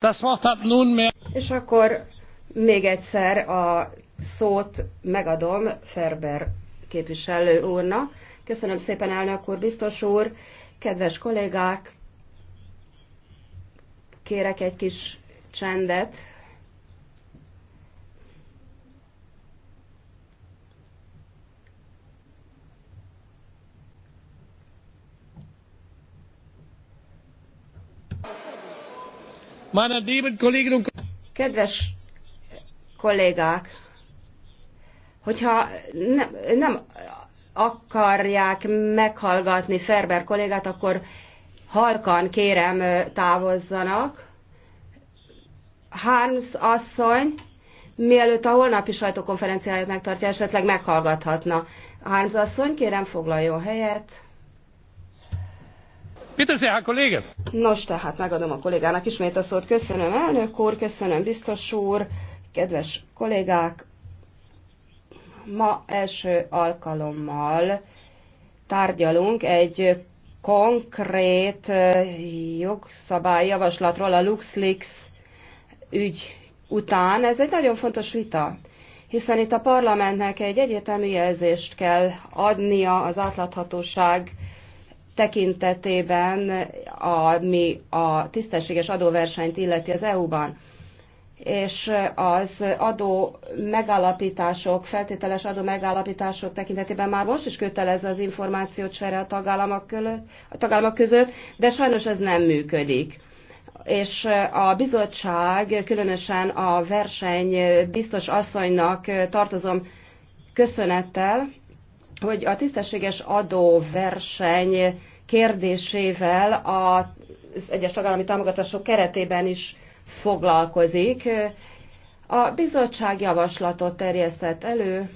Das Wort hat nunmehr... És akkor még egyszer a szót megadom Ferber képviselő úrnak. Köszönöm szépen, elnök úr, biztos úr, kedves kollégák, kérek egy kis csendet, Kedves kollégák, hogyha nem, nem akarják meghallgatni Ferber kollégát, akkor halkan kérem távozzanak. Harms asszony, mielőtt a holnapi sajtókonferenciáját megtartja, esetleg meghallgathatna. Harms asszony, kérem foglaljon helyet. Hát, Nos, tehát megadom a kollégának ismét a szót. Köszönöm elnök úr, köszönöm biztos úr, kedves kollégák. Ma első alkalommal tárgyalunk egy konkrét jogszabályjavaslatról a LuxLeaks ügy után. Ez egy nagyon fontos vita, hiszen itt a parlamentnek egy egyértelmű jelzést kell adnia az átláthatóság tekintetében, ami a tisztességes adóversenyt illeti az EU-ban és az adó megállapítások, feltételes adó megállapítások tekintetében már most is kötelező az információcsere a tagállamok, között, a tagállamok között, de sajnos ez nem működik. És a bizottság, különösen a verseny biztos asszonynak tartozom köszönettel, hogy a tisztességes adóverseny kérdésével az egyes tagállami támogatások keretében is foglalkozik. A bizottság javaslatot terjesztett elő,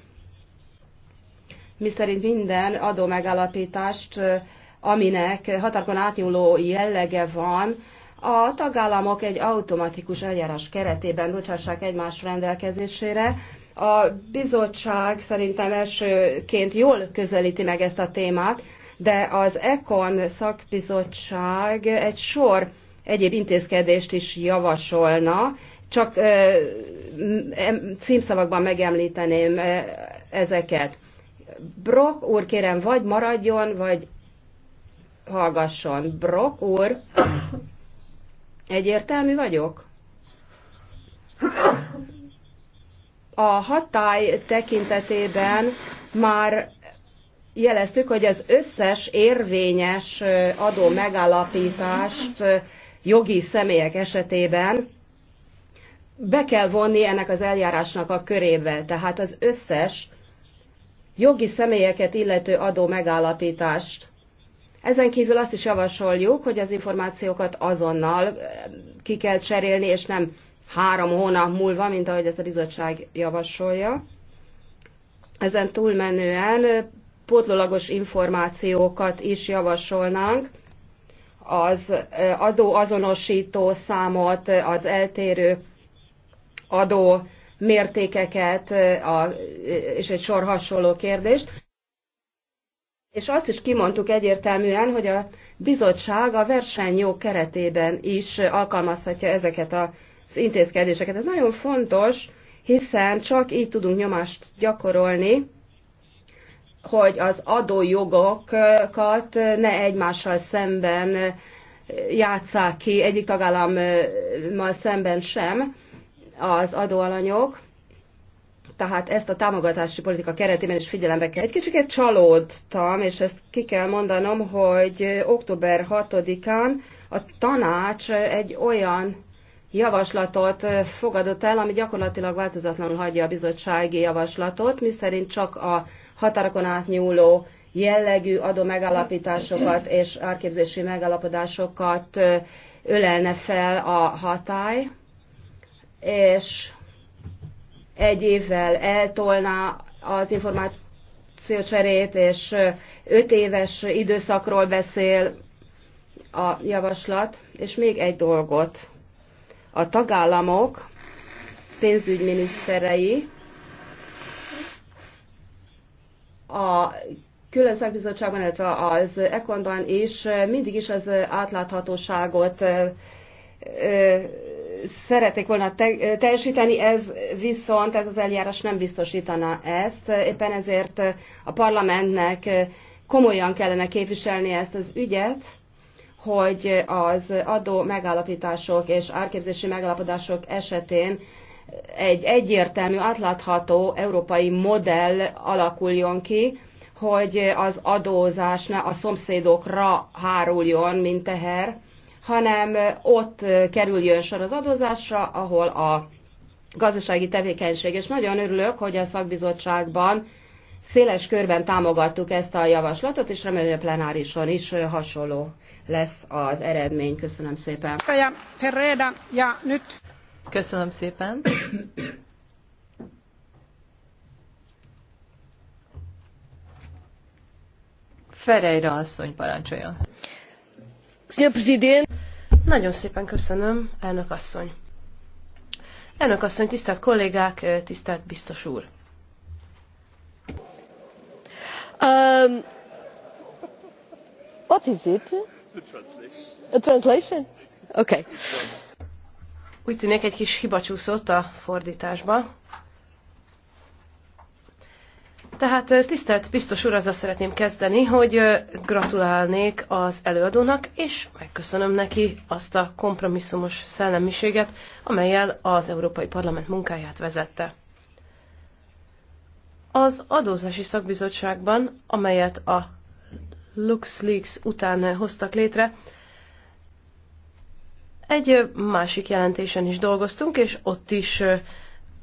miszerint minden adómegállapítást, aminek határkon átnyúló jellege van, a tagállamok egy automatikus eljárás keretében bocsássák egymás rendelkezésére, a bizottság szerintem elsőként jól közelíti meg ezt a témát, de az ECON szakbizottság egy sor egyéb intézkedést is javasolna, csak címszavakban megemlíteném ezeket. Brock úr, kérem, vagy maradjon, vagy hallgasson. Brock úr, egyértelmű vagyok? A hatály tekintetében már jeleztük, hogy az összes érvényes adó megállapítást jogi személyek esetében be kell vonni ennek az eljárásnak a körébe. Tehát az összes jogi személyeket illető adó megállapítást. Ezen kívül azt is javasoljuk, hogy az információkat azonnal ki kell cserélni, és nem három hónap múlva, mint ahogy ezt a bizottság javasolja. Ezen túlmenően pótlólagos információkat is javasolnánk, az adóazonosító számot, az eltérő adó mértékeket a, és egy sor hasonló kérdést. És azt is kimondtuk egyértelműen, hogy a bizottság a versenyjog keretében is alkalmazhatja ezeket a az intézkedéseket. Ez nagyon fontos, hiszen csak így tudunk nyomást gyakorolni, hogy az adójogokat ne egymással szemben játsszák ki egyik tagállammal szemben sem az adóalanyok. Tehát ezt a támogatási politika keretében is figyelembe kell. Egy kicsit csalódtam, és ezt ki kell mondanom, hogy október 6-án a tanács egy olyan javaslatot fogadott el, ami gyakorlatilag változatlanul hagyja a bizottsági javaslatot, miszerint csak a határokon átnyúló jellegű adó megállapításokat és árképzési megállapodásokat ölelne fel a hatály, és egy évvel eltolná az információcserét, és öt éves időszakról beszél a javaslat, és még egy dolgot a tagállamok pénzügyminiszterei a külön szakbizottságban, illetve az Ekonban is mindig is az átláthatóságot szerették volna teljesíteni, ez viszont ez az eljárás nem biztosítana ezt. Éppen ezért a parlamentnek komolyan kellene képviselni ezt az ügyet, hogy az adó megállapítások és árképzési megállapodások esetén egy egyértelmű, átlátható európai modell alakuljon ki, hogy az adózás ne a szomszédokra háruljon, mint teher, hanem ott kerüljön sor az adózásra, ahol a gazdasági tevékenység. És nagyon örülök, hogy a szakbizottságban széles körben támogattuk ezt a javaslatot, és remélem, hogy a plenárison is hasonló lesz az eredmény. Köszönöm szépen. Köszönöm szépen. Ferreira asszony parancsoljon. Nagyon szépen köszönöm, elnök asszony. Elnök asszony, tisztelt kollégák, tisztelt biztos úr! Um, what is it? The translation. A translation? Okay. Úgy tűnik egy kis hiba csúszott a fordításba. Tehát tisztelt biztos úr, azzal szeretném kezdeni, hogy gratulálnék az előadónak, és megköszönöm neki azt a kompromisszumos szellemiséget, amelyel az Európai Parlament munkáját vezette. Az adózási szakbizottságban, amelyet a LuxLeaks után hoztak létre, egy másik jelentésen is dolgoztunk, és ott is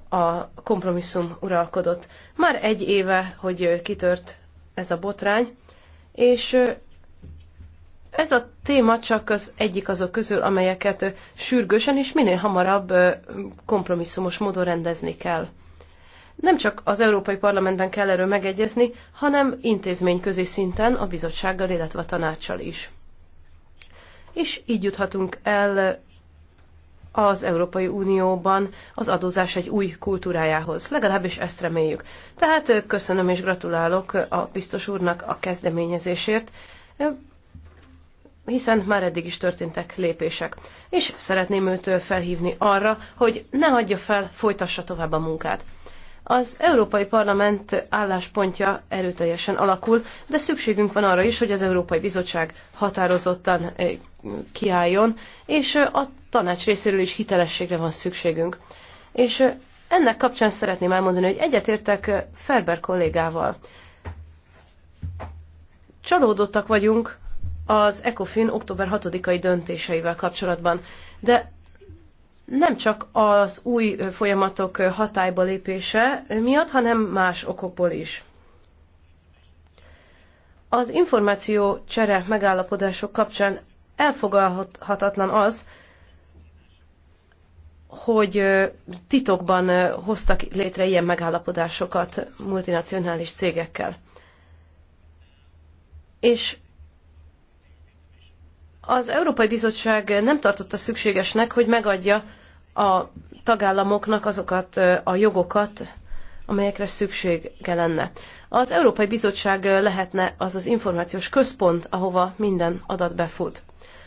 a kompromisszum uralkodott. Már egy éve, hogy kitört ez a botrány, és ez a téma csak az egyik azok közül, amelyeket sürgősen és minél hamarabb kompromisszumos módon rendezni kell. Nem csak az Európai Parlamentben kell erről megegyezni, hanem intézményközi szinten a bizottsággal, illetve a tanácssal is. És így juthatunk el az Európai Unióban az adózás egy új kultúrájához. Legalábbis ezt reméljük. Tehát köszönöm és gratulálok a biztos úrnak a kezdeményezésért, hiszen már eddig is történtek lépések. És szeretném őt felhívni arra, hogy ne hagyja fel, folytassa tovább a munkát. Az Európai Parlament álláspontja erőteljesen alakul, de szükségünk van arra is, hogy az Európai Bizottság határozottan eh, kiálljon, és eh, a tanács részéről is hitelességre van szükségünk. És eh, ennek kapcsán szeretném elmondani, hogy egyetértek Ferber kollégával. Csalódottak vagyunk az ECOFIN október 6-ai döntéseivel kapcsolatban, de nem csak az új folyamatok hatályba lépése miatt, hanem más okokból is. Az információ csere megállapodások kapcsán elfogadhatatlan az, hogy titokban hoztak létre ilyen megállapodásokat multinacionális cégekkel. És az Európai Bizottság nem tartotta szükségesnek, hogy megadja a tagállamoknak azokat a jogokat, amelyekre szüksége lenne. Az Európai Bizottság lehetne az az információs központ, ahova minden adat befut.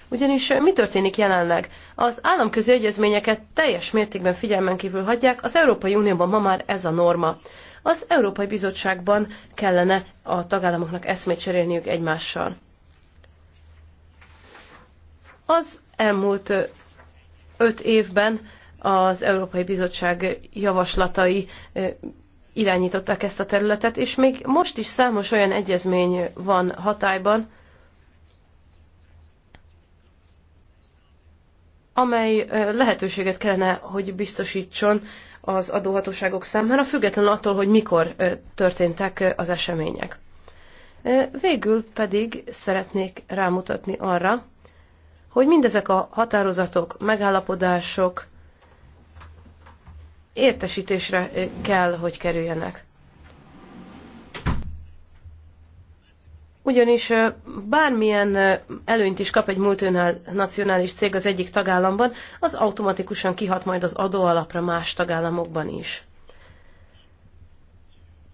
Ugyanis mi történik jelenleg? Az államközi egyezményeket teljes mértékben figyelmen kívül hagyják, az Európai Unióban ma már ez a norma. Az Európai Bizottságban kellene a tagállamoknak eszmét cserélniük egymással. Az elmúlt öt évben az Európai Bizottság javaslatai irányították ezt a területet, és még most is számos olyan egyezmény van hatályban, amely lehetőséget kellene, hogy biztosítson az adóhatóságok számára, független attól, hogy mikor történtek az események. Végül pedig szeretnék rámutatni arra, hogy mindezek a határozatok, megállapodások értesítésre eh, kell, hogy kerüljenek. Ugyanis eh, bármilyen eh, előnyt is kap egy multinacionális cég az egyik tagállamban, az automatikusan kihat majd az adóalapra más tagállamokban is.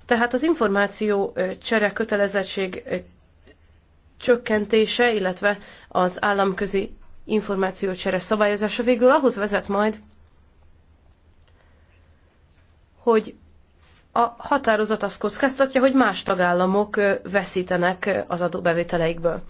Tehát az információ csere kötelezettség csökkentése, illetve az államközi információcsere szabályozása végül ahhoz vezet majd, hogy a határozat azt kockáztatja, hogy más tagállamok veszítenek az adóbevételeikből.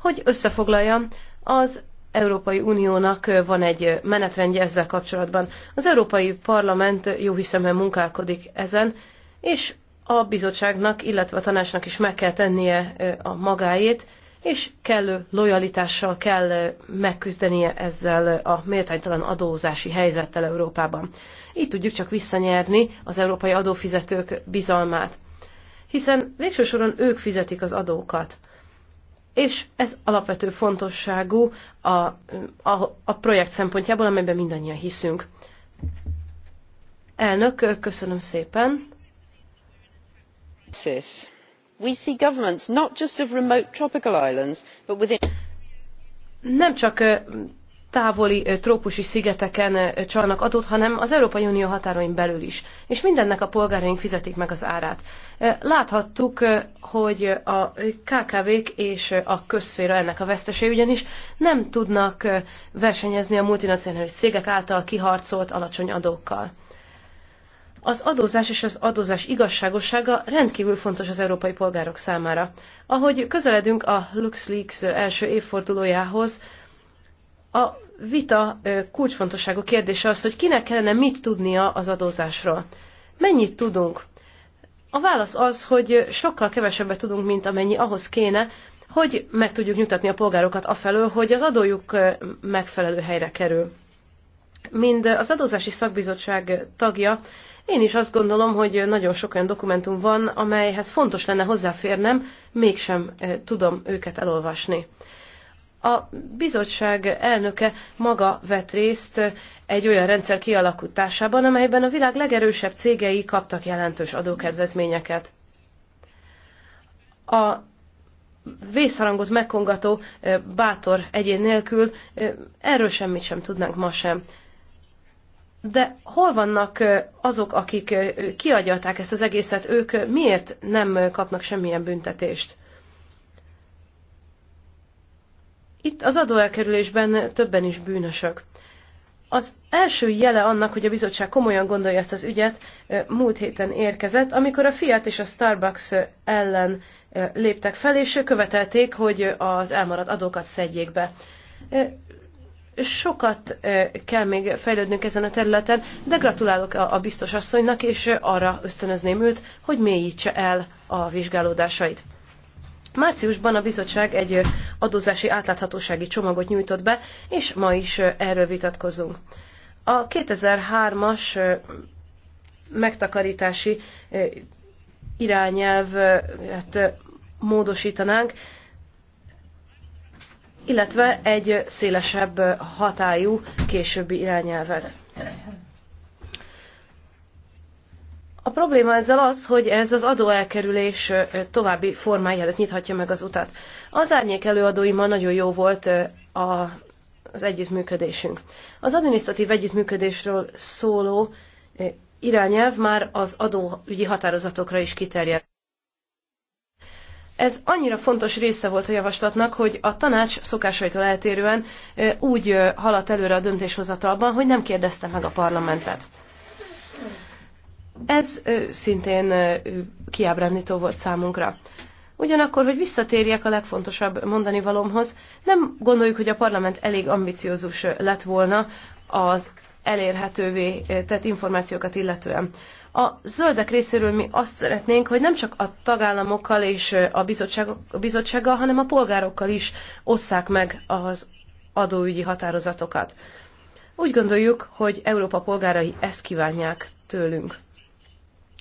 Hogy összefoglaljam, az Európai Uniónak van egy menetrendje ezzel kapcsolatban. Az Európai Parlament jó hiszemben munkálkodik ezen, és a bizottságnak, illetve a tanácsnak is meg kell tennie a magáét, és kellő lojalitással kell megküzdenie ezzel a méltánytalan adózási helyzettel Európában. Így tudjuk csak visszanyerni az európai adófizetők bizalmát. Hiszen végső soron ők fizetik az adókat. És ez alapvető fontosságú a, a, a projekt szempontjából, amelyben mindannyian hiszünk. Elnök, köszönöm szépen nem csak távoli trópusi szigeteken csalnak adót, hanem az Európai Unió határain belül is. És mindennek a polgáraink fizetik meg az árát. Láthattuk, hogy a KKV-k és a közszféra ennek a vesztesé, ugyanis nem tudnak versenyezni a multinacionális cégek által kiharcolt alacsony adókkal. Az adózás és az adózás igazságossága rendkívül fontos az európai polgárok számára. Ahogy közeledünk a LuxLeaks első évfordulójához, a vita kulcsfontosságú kérdése az, hogy kinek kellene mit tudnia az adózásról. Mennyit tudunk? A válasz az, hogy sokkal kevesebbet tudunk, mint amennyi ahhoz kéne, hogy meg tudjuk nyugtatni a polgárokat afelől, hogy az adójuk megfelelő helyre kerül. Mind az adózási szakbizottság tagja, én is azt gondolom, hogy nagyon sok olyan dokumentum van, amelyhez fontos lenne hozzáférnem, mégsem tudom őket elolvasni. A bizottság elnöke maga vett részt egy olyan rendszer kialakításában, amelyben a világ legerősebb cégei kaptak jelentős adókedvezményeket. A vészharangot megkongató bátor egyén nélkül erről semmit sem tudnánk ma sem de hol vannak azok, akik kiagyalták ezt az egészet, ők miért nem kapnak semmilyen büntetést? Itt az adóelkerülésben többen is bűnösök. Az első jele annak, hogy a bizottság komolyan gondolja ezt az ügyet, múlt héten érkezett, amikor a Fiat és a Starbucks ellen léptek fel, és követelték, hogy az elmaradt adókat szedjék be sokat kell még fejlődnünk ezen a területen, de gratulálok a biztos asszonynak, és arra ösztönözném őt, hogy mélyítse el a vizsgálódásait. Márciusban a bizottság egy adózási átláthatósági csomagot nyújtott be, és ma is erről vitatkozunk. A 2003-as megtakarítási irányelvet hát, módosítanánk, illetve egy szélesebb hatályú későbbi irányelvet. A probléma ezzel az, hogy ez az adóelkerülés további formája előtt nyithatja meg az utat. Az árnyék előadóimmal nagyon jó volt a, az együttműködésünk. Az adminisztratív együttműködésről szóló irányelv már az adóügyi határozatokra is kiterjed. Ez annyira fontos része volt a javaslatnak, hogy a tanács szokásaitól eltérően úgy haladt előre a döntéshozatalban, hogy nem kérdezte meg a parlamentet. Ez szintén kiábrándító volt számunkra. Ugyanakkor, hogy visszatérjek a legfontosabb mondani valomhoz, nem gondoljuk, hogy a parlament elég ambiciózus lett volna az elérhetővé tett információkat illetően. A zöldek részéről mi azt szeretnénk, hogy nem csak a tagállamokkal és a, bizottság, a bizottsággal, hanem a polgárokkal is osszák meg az adóügyi határozatokat. Úgy gondoljuk, hogy Európa polgárai ezt kívánják tőlünk.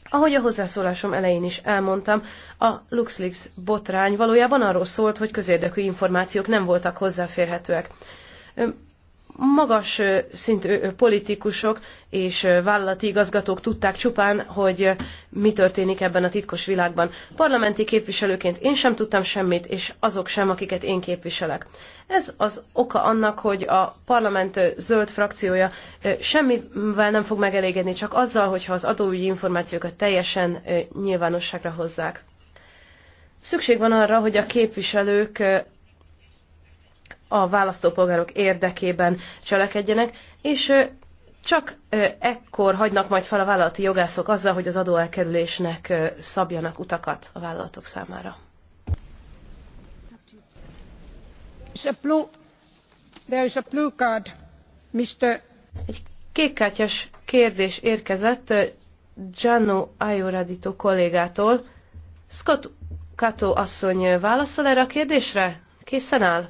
Ahogy a hozzászólásom elején is elmondtam, a LuxLeaks botrány valójában arról szólt, hogy közérdekű információk nem voltak hozzáférhetőek magas szintű politikusok és vállalati igazgatók tudták csupán, hogy mi történik ebben a titkos világban. Parlamenti képviselőként én sem tudtam semmit, és azok sem, akiket én képviselek. Ez az oka annak, hogy a parlament zöld frakciója semmivel nem fog megelégedni, csak azzal, hogyha az adóügyi információkat teljesen nyilvánosságra hozzák. Szükség van arra, hogy a képviselők a választópolgárok érdekében cselekedjenek, és csak ekkor hagynak majd fel a vállalati jogászok azzal, hogy az adóelkerülésnek szabjanak utakat a vállalatok számára. a Egy kékkártyás kérdés érkezett Gianno Ayuradito kollégától. Scott Kato asszony válaszol erre a kérdésre? Készen áll?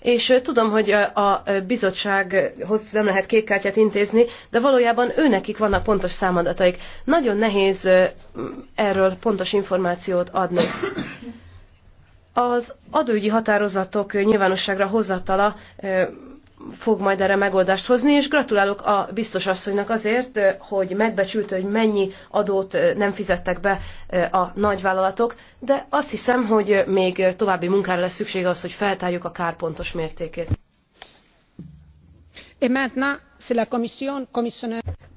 és tudom, hogy a bizottsághoz nem lehet kékkártyát intézni, de valójában őnekik vannak pontos számadataik. Nagyon nehéz erről pontos információt adni. Az adóügyi határozatok nyilvánosságra hozatala fog majd erre megoldást hozni, és gratulálok a biztos asszonynak azért, hogy megbecsült, hogy mennyi adót nem fizettek be a nagyvállalatok, de azt hiszem, hogy még további munkára lesz szükség az, hogy feltárjuk a kárpontos mértékét.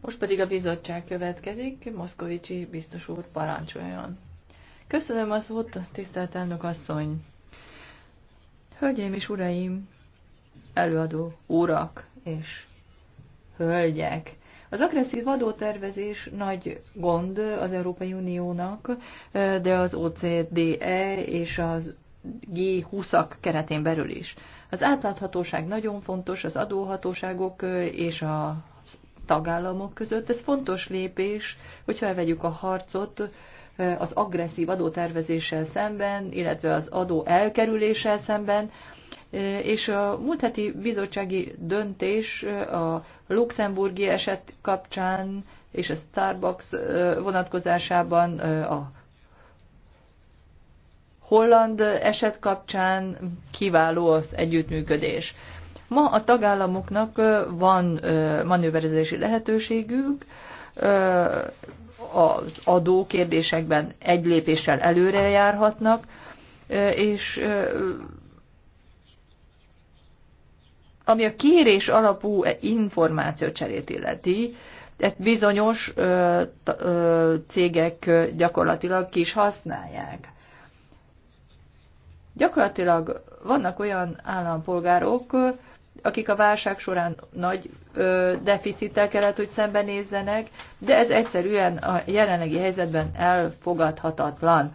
Most pedig a bizottság következik, Moszkovicsi biztos úr parancsoljon. Köszönöm az szót, tisztelt elnök asszony! Hölgyeim és uraim, előadó urak és hölgyek. Az agresszív adótervezés nagy gond az Európai Uniónak, de az OCDE és az G20-ak keretén belül is. Az átláthatóság nagyon fontos az adóhatóságok és a tagállamok között. Ez fontos lépés, hogyha elvegyük a harcot eh, az agresszív adótervezéssel szemben, illetve az adó elkerüléssel szemben, és a múlt heti bizottsági döntés a luxemburgi eset kapcsán és a Starbucks vonatkozásában a holland eset kapcsán kiváló az együttműködés. Ma a tagállamoknak van manőverezési lehetőségük, az adó kérdésekben egy lépéssel előre járhatnak, és ami a kérés alapú információcserét illeti, ezt bizonyos ö, ö, cégek gyakorlatilag ki is használják. Gyakorlatilag vannak olyan állampolgárok, akik a válság során nagy ö, deficittel kellett, hogy szembenézzenek, de ez egyszerűen a jelenlegi helyzetben elfogadhatatlan.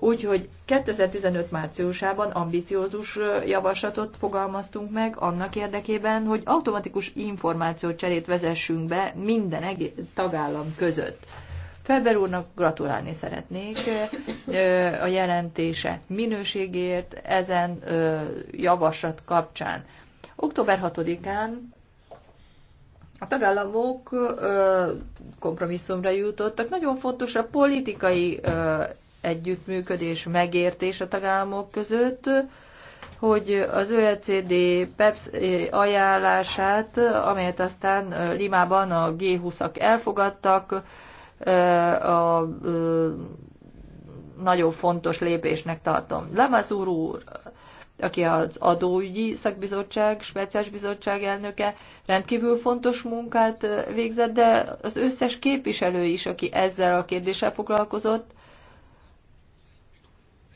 Úgyhogy 2015 márciusában ambiciózus javaslatot fogalmaztunk meg annak érdekében, hogy automatikus információcserét vezessünk be minden egész tagállam között. Feber úrnak gratulálni szeretnék a jelentése minőségért ezen javaslat kapcsán. Október 6-án a tagállamok kompromisszumra jutottak. Nagyon fontos a politikai együttműködés, megértés a tagállamok között, hogy az OECD PEPS ajánlását, amelyet aztán Limában a G20-ak elfogadtak, a nagyon fontos lépésnek tartom. Lemez úr, úr aki az adóügyi szakbizottság, speciális bizottság elnöke, rendkívül fontos munkát végzett, de az összes képviselő is, aki ezzel a kérdéssel foglalkozott,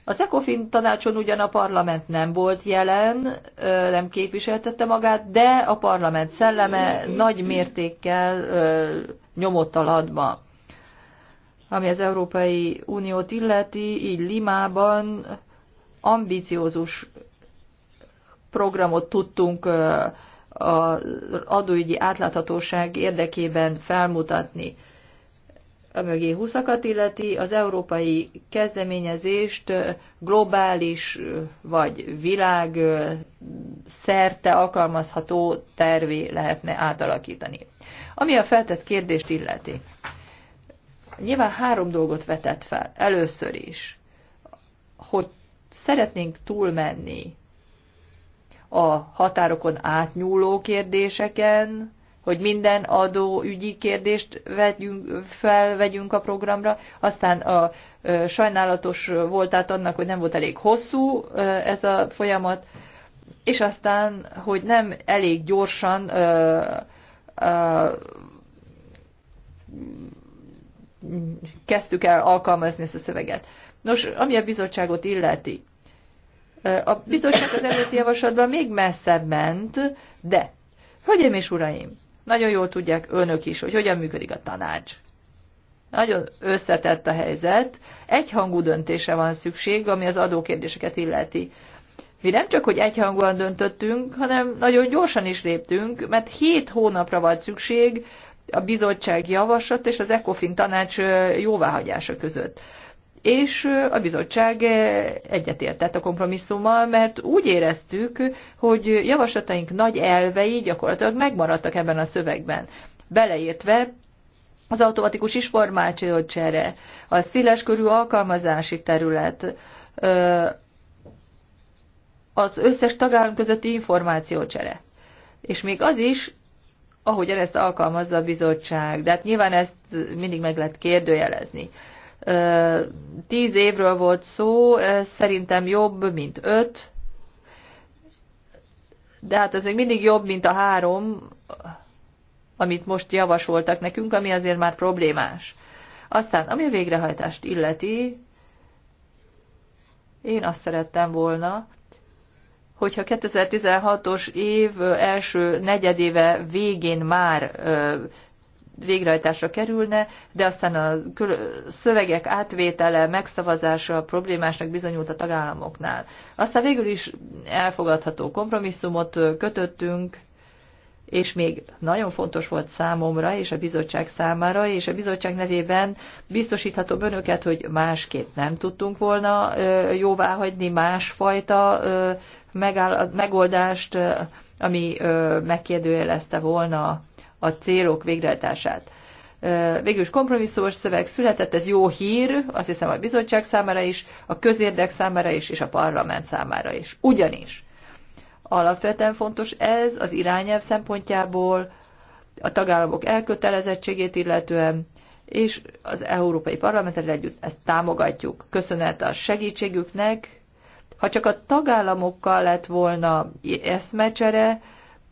az ECOFIN tanácson ugyan a parlament nem volt jelen, nem képviseltette magát, de a parlament szelleme nagy mértékkel nyomott a ladba. Ami az Európai Uniót illeti, így Limában ambiciózus programot tudtunk az adóügyi átláthatóság érdekében felmutatni mögé húszakat illeti, az európai kezdeményezést globális vagy világ szerte alkalmazható tervé lehetne átalakítani. Ami a feltett kérdést illeti. Nyilván három dolgot vetett fel. Először is, hogy szeretnénk túlmenni a határokon átnyúló kérdéseken, hogy minden adó ügyi kérdést vegyünk, felvegyünk a programra. Aztán a sajnálatos át annak, hogy nem volt elég hosszú ez a folyamat, és aztán, hogy nem elég gyorsan kezdtük el alkalmazni ezt a szöveget. Nos, ami a bizottságot illeti, a bizottság az előtti javaslatban még messzebb ment, de, hölgyeim és uraim, nagyon jól tudják önök is, hogy hogyan működik a tanács. Nagyon összetett a helyzet. Egyhangú döntése van szükség, ami az adókérdéseket illeti. Mi nem csak, hogy egyhangúan döntöttünk, hanem nagyon gyorsan is léptünk, mert hét hónapra volt szükség a bizottság javaslat és az ECOFIN tanács jóváhagyása között és a bizottság egyetértett a kompromisszummal, mert úgy éreztük, hogy javaslataink nagy elvei gyakorlatilag megmaradtak ebben a szövegben. Beleértve az automatikus csere, a körű alkalmazási terület, az összes tagállam közötti információcsere. És még az is, ahogyan ezt alkalmazza a bizottság. De hát nyilván ezt mindig meg lehet kérdőjelezni. Tíz évről volt szó, szerintem jobb, mint öt, de hát ez még mindig jobb, mint a három, amit most javasoltak nekünk, ami azért már problémás. Aztán, ami a végrehajtást illeti, én azt szerettem volna, hogyha 2016-os év első negyedéve végén már végrehajtásra kerülne, de aztán a szövegek átvétele, megszavazása problémásnak bizonyult a tagállamoknál. Aztán végül is elfogadható kompromisszumot kötöttünk, és még nagyon fontos volt számomra és a bizottság számára, és a bizottság nevében biztosíthatom önöket, hogy másképp nem tudtunk volna jóvá hagyni másfajta megoldást, ami megkérdőjelezte volna a célok végrehajtását. Végül is kompromisszumos szöveg született, ez jó hír, azt hiszem a bizottság számára is, a közérdek számára is, és a parlament számára is. Ugyanis alapvetően fontos ez az irányelv szempontjából, a tagállamok elkötelezettségét illetően, és az Európai Parlamentet együtt ezt támogatjuk. Köszönet a segítségüknek. Ha csak a tagállamokkal lett volna eszmecsere,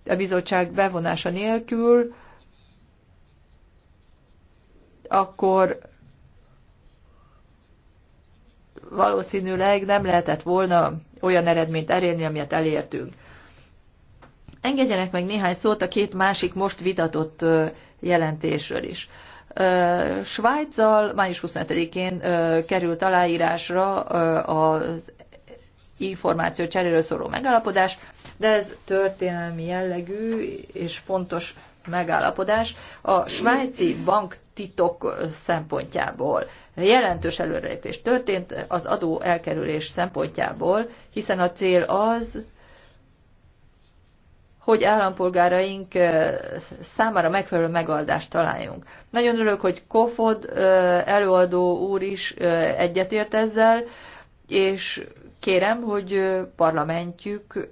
a bizottság bevonása nélkül, akkor valószínűleg nem lehetett volna olyan eredményt elérni, amilyet elértünk. Engedjenek meg néhány szót a két másik most vitatott jelentésről is. Svájccal május 25-én került aláírásra az információ cseréről szóló megalapodás, de ez történelmi jellegű és fontos megállapodás a svájci banktitok szempontjából. Jelentős előrelépés történt az adó elkerülés szempontjából, hiszen a cél az, hogy állampolgáraink számára megfelelő megoldást találjunk. Nagyon örülök, hogy Kofod előadó úr is egyetért ezzel, és kérem, hogy parlamentjük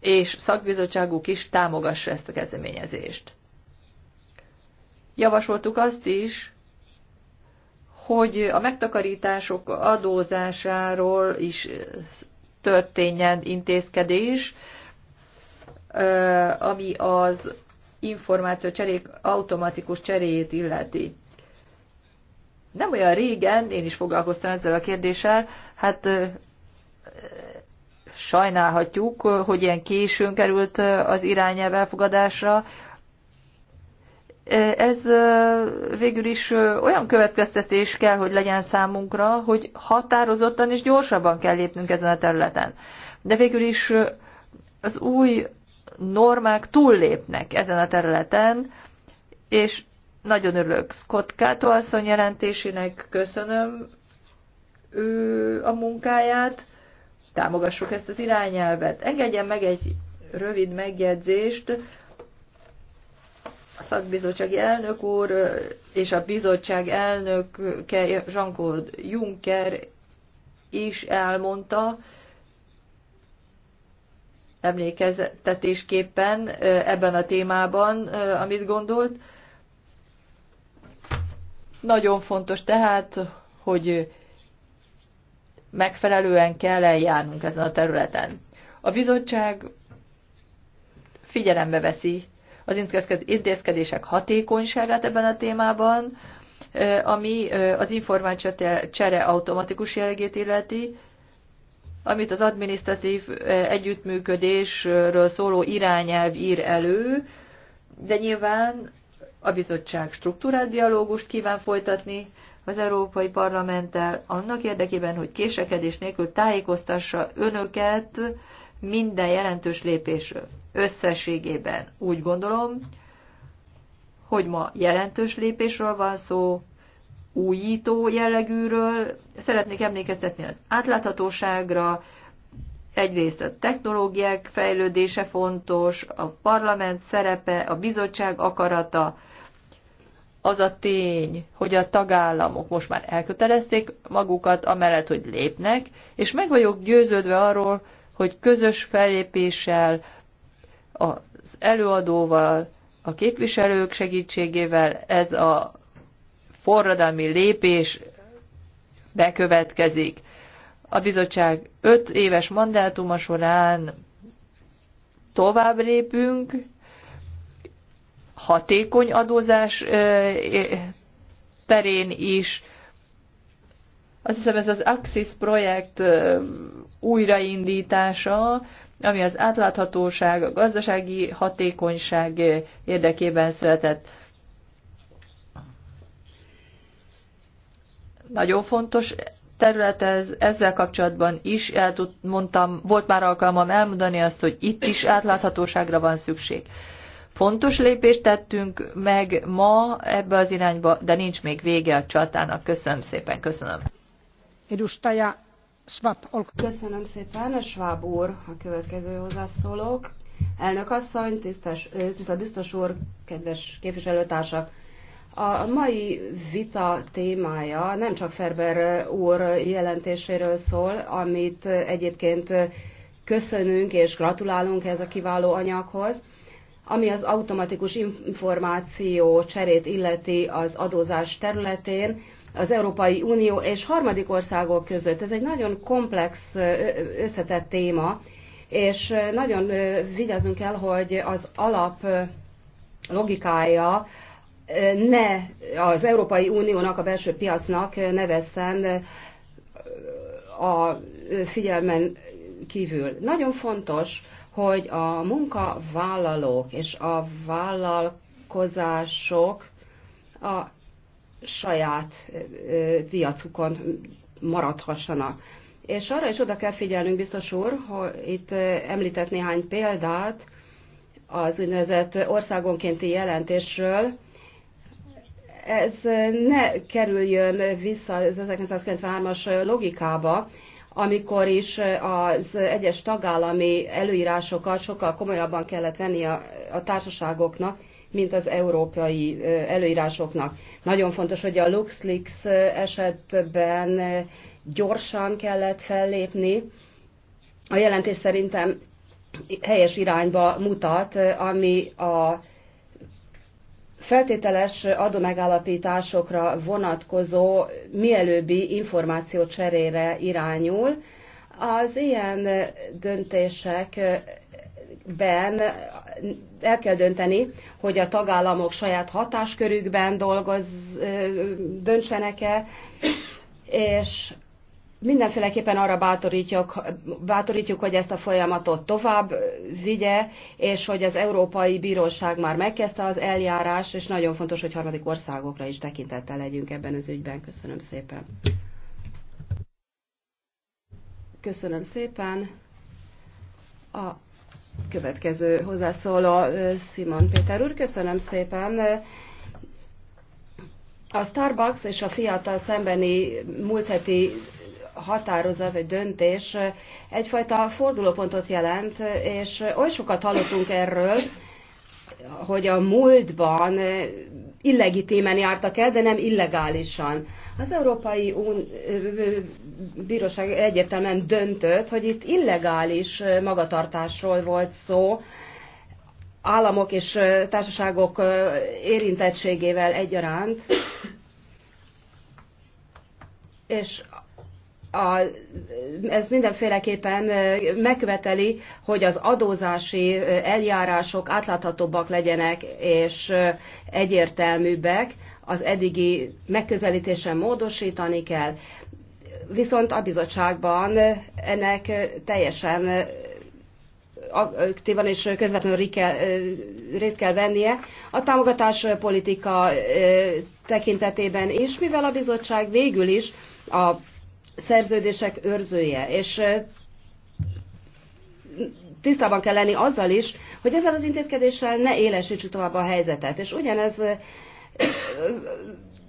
és szakbizottságuk is támogassa ezt a kezdeményezést. Javasoltuk azt is, hogy a megtakarítások adózásáról is történjen intézkedés, ami az információ cserék automatikus cseréjét illeti. Nem olyan régen, én is foglalkoztam ezzel a kérdéssel, hát sajnálhatjuk, hogy ilyen későn került az irányelv elfogadásra. Ez végül is olyan következtetés kell, hogy legyen számunkra, hogy határozottan és gyorsabban kell lépnünk ezen a területen. De végül is az új normák túllépnek ezen a területen, és nagyon örülök Scott Kato asszony jelentésének, köszönöm ő a munkáját, támogassuk ezt az irányelvet. Engedjen meg egy rövid megjegyzést. A szakbizottsági elnök úr és a bizottság elnöke Jean-Claude Juncker is elmondta, emlékeztetésképpen ebben a témában, amit gondolt. Nagyon fontos tehát, hogy megfelelően kell eljárnunk ezen a területen. A bizottság figyelembe veszi az intézkedések hatékonyságát ebben a témában, ami az információ csere automatikus jellegét illeti, amit az adminisztratív együttműködésről szóló irányelv ír elő, de nyilván a bizottság struktúrált dialógust kíván folytatni az Európai Parlamenttel annak érdekében, hogy késekedés nélkül tájékoztassa önöket minden jelentős lépésről. Összességében úgy gondolom, hogy ma jelentős lépésről van szó, újító jellegűről. Szeretnék emlékeztetni az átláthatóságra, egyrészt a technológiák fejlődése fontos, a parlament szerepe, a bizottság akarata, az a tény, hogy a tagállamok most már elkötelezték magukat, amellett, hogy lépnek, és meg vagyok győződve arról, hogy közös fellépéssel, az előadóval, a képviselők segítségével ez a forradalmi lépés bekövetkezik. A bizottság öt éves mandátuma során tovább lépünk, hatékony adózás terén is. Azt hiszem ez az Axis projekt újraindítása, ami az átláthatóság, a gazdasági hatékonyság érdekében született. Nagyon fontos terület ez, ezzel kapcsolatban is el tud, mondtam, volt már alkalmam elmondani azt, hogy itt is átláthatóságra van szükség. Fontos lépést tettünk meg ma ebbe az irányba, de nincs még vége a csatának. Köszönöm szépen, köszönöm. Schwab. Köszönöm szépen, Schwab úr, a következő hozzászólók. Elnök asszony, tisztes, tisztes biztos úr, kedves képviselőtársak! A mai vita témája nem csak Ferber úr jelentéséről szól, amit egyébként köszönünk és gratulálunk ez a kiváló anyaghoz, ami az automatikus információ cserét illeti az adózás területén, az Európai Unió és harmadik országok között. Ez egy nagyon komplex, összetett téma, és nagyon vigyázzunk kell, hogy az alap logikája ne az Európai Uniónak, a belső piacnak ne veszen a figyelmen kívül. Nagyon fontos, hogy a munkavállalók és a vállalkozások a saját piacukon maradhassanak. És arra is oda kell figyelnünk, biztos úr, hogy itt említett néhány példát az úgynevezett országonkénti jelentésről. Ez ne kerüljön vissza az 1993-as logikába, amikor is az egyes tagállami előírásokat sokkal komolyabban kellett venni a, a társaságoknak, mint az európai előírásoknak. Nagyon fontos, hogy a LuxLeaks esetben gyorsan kellett fellépni. A jelentés szerintem helyes irányba mutat, ami a feltételes adómegállapításokra vonatkozó mielőbbi információ cserére irányul. Az ilyen döntésekben el kell dönteni, hogy a tagállamok saját hatáskörükben dolgoz, döntsenek-e, és mindenféleképpen arra bátorítjuk, bátorítjuk, hogy ezt a folyamatot tovább vigye, és hogy az Európai Bíróság már megkezdte az eljárás, és nagyon fontos, hogy harmadik országokra is tekintettel legyünk ebben az ügyben. Köszönöm szépen. Köszönöm szépen. A következő hozzászóló Simon Péter úr, köszönöm szépen. A Starbucks és a fiatal szembeni múlt heti határozat vagy döntés egyfajta fordulópontot jelent, és oly sokat hallottunk erről, hogy a múltban illegitímen jártak el, de nem illegálisan. Az Európai Un- Bíróság egyértelműen döntött, hogy itt illegális magatartásról volt szó, államok és társaságok érintettségével egyaránt, és a, ez mindenféleképpen megköveteli, hogy az adózási eljárások átláthatóbbak legyenek és egyértelműbbek, az eddigi megközelítésen módosítani kell, viszont a bizottságban ennek teljesen aktívan és közvetlenül részt kell vennie a támogatás politika tekintetében is, mivel a bizottság végül is a szerződések őrzője, és tisztában kell lenni azzal is, hogy ezzel az intézkedéssel ne élesítsük tovább a helyzetet. És ugyanez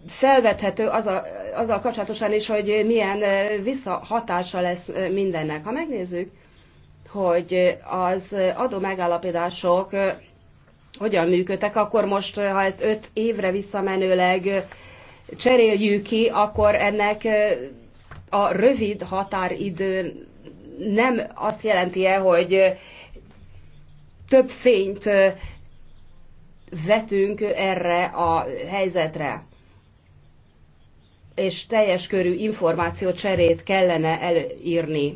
felvethető az a, azzal kapcsolatosan is, hogy milyen visszahatása lesz mindennek. Ha megnézzük, hogy az adó megállapodások hogyan működtek, akkor most, ha ezt öt évre visszamenőleg cseréljük ki, akkor ennek a rövid határidő nem azt jelenti -e, hogy több fényt vetünk erre a helyzetre, és teljes körű cserét kellene előírni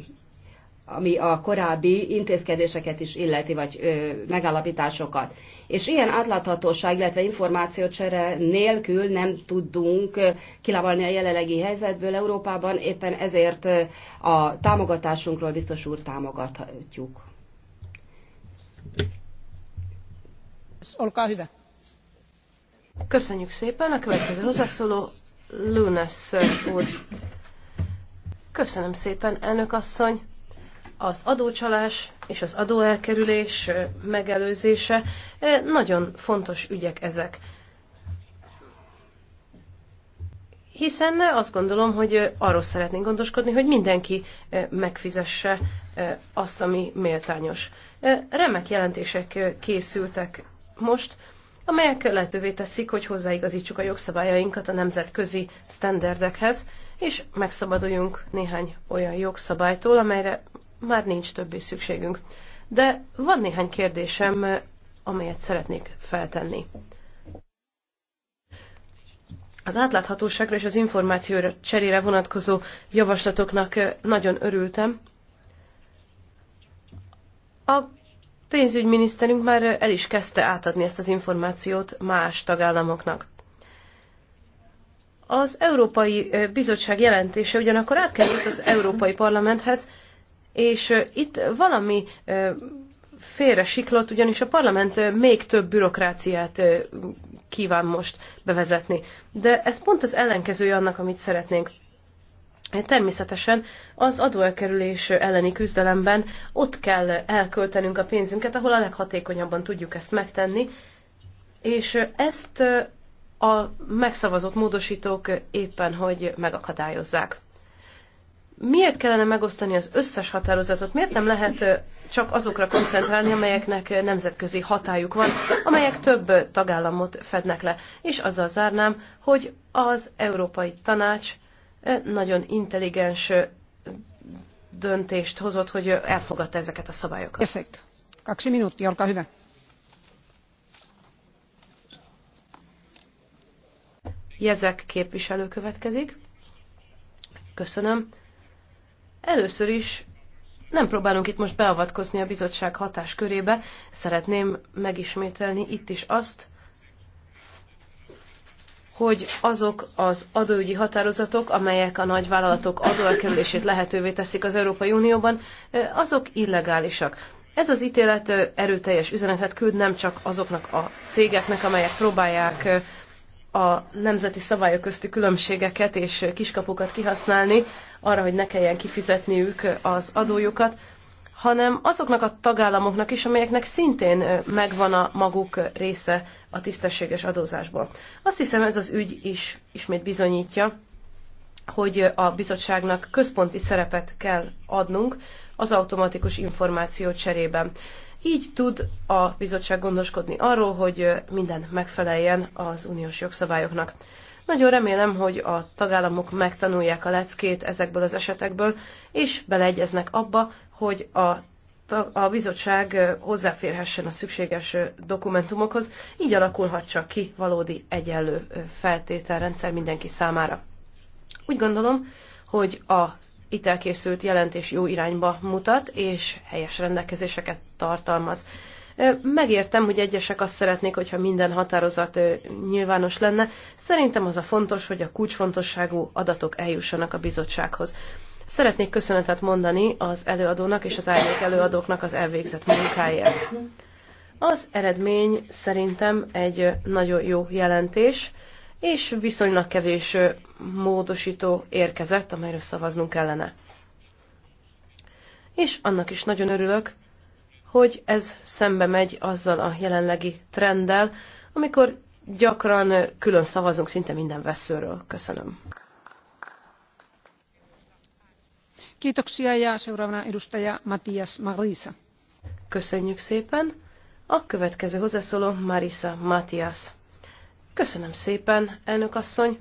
ami a korábbi intézkedéseket is illeti, vagy ö, megállapításokat. És ilyen átláthatóság, illetve információcsere nélkül nem tudunk kilábalni a jelenlegi helyzetből Európában, éppen ezért a támogatásunkról biztos úr támogatjuk. Olka, Köszönjük szépen. A következő hozzászóló Lunas úr. Köszönöm szépen, elnök asszony az adócsalás és az adóelkerülés megelőzése nagyon fontos ügyek ezek. Hiszen azt gondolom, hogy arról szeretnénk gondoskodni, hogy mindenki megfizesse azt, ami méltányos. Remek jelentések készültek most, amelyek lehetővé teszik, hogy hozzáigazítsuk a jogszabályainkat a nemzetközi sztenderdekhez, és megszabaduljunk néhány olyan jogszabálytól, amelyre már nincs többé szükségünk. De van néhány kérdésem, amelyet szeretnék feltenni. Az átláthatóságra és az információra cserére vonatkozó javaslatoknak eh, nagyon örültem. A pénzügyminiszterünk már eh, el is kezdte átadni ezt az információt más tagállamoknak. Az Európai eh, Bizottság jelentése ugyanakkor átkerült az Európai Parlamenthez, és itt valami félre siklott, ugyanis a parlament még több bürokráciát kíván most bevezetni. De ez pont az ellenkezője annak, amit szeretnénk. Természetesen az adóelkerülés elleni küzdelemben ott kell elköltenünk a pénzünket, ahol a leghatékonyabban tudjuk ezt megtenni, és ezt a megszavazott módosítók éppen hogy megakadályozzák miért kellene megosztani az összes határozatot? Miért nem lehet csak azokra koncentrálni, amelyeknek nemzetközi hatájuk van, amelyek több tagállamot fednek le? És azzal zárnám, hogy az Európai Tanács nagyon intelligens döntést hozott, hogy elfogadta ezeket a szabályokat. Köszönjük. Kaksi minuutti, olkaa hyvä. Jezek képviselő következik. Köszönöm. Először is nem próbálunk itt most beavatkozni a bizottság hatáskörébe, szeretném megismételni itt is azt, hogy azok az adóügyi határozatok, amelyek a nagyvállalatok adóelkerülését lehetővé teszik az Európai Unióban, azok illegálisak. Ez az ítélet erőteljes üzenetet küld nem csak azoknak a cégeknek, amelyek próbálják a nemzeti szabályok közti különbségeket és kiskapukat kihasználni, arra, hogy ne kelljen kifizetniük az adójukat, hanem azoknak a tagállamoknak is, amelyeknek szintén megvan a maguk része a tisztességes adózásból. Azt hiszem ez az ügy is ismét bizonyítja, hogy a bizottságnak központi szerepet kell adnunk az automatikus információ cserében. Így tud a bizottság gondoskodni arról, hogy minden megfeleljen az uniós jogszabályoknak. Nagyon remélem, hogy a tagállamok megtanulják a leckét ezekből az esetekből, és beleegyeznek abba, hogy a a bizottság hozzáférhessen a szükséges dokumentumokhoz, így alakulhat csak ki valódi egyenlő feltételrendszer mindenki számára. Úgy gondolom, hogy a itt elkészült jelentés jó irányba mutat, és helyes rendelkezéseket tartalmaz. Megértem, hogy egyesek azt szeretnék, hogyha minden határozat nyilvános lenne. Szerintem az a fontos, hogy a kulcsfontosságú adatok eljussanak a bizottsághoz. Szeretnék köszönetet mondani az előadónak és az árnyék előadóknak az elvégzett munkáért. Az eredmény szerintem egy nagyon jó jelentés, és viszonylag kevés módosító érkezett, amelyről szavaznunk kellene. És annak is nagyon örülök, hogy ez szembe megy azzal a jelenlegi trenddel, amikor gyakran külön szavazunk szinte minden veszőről. Köszönöm. Köszönjük szépen. A következő hozzászóló Marisa Matias. Köszönöm szépen, elnök asszony.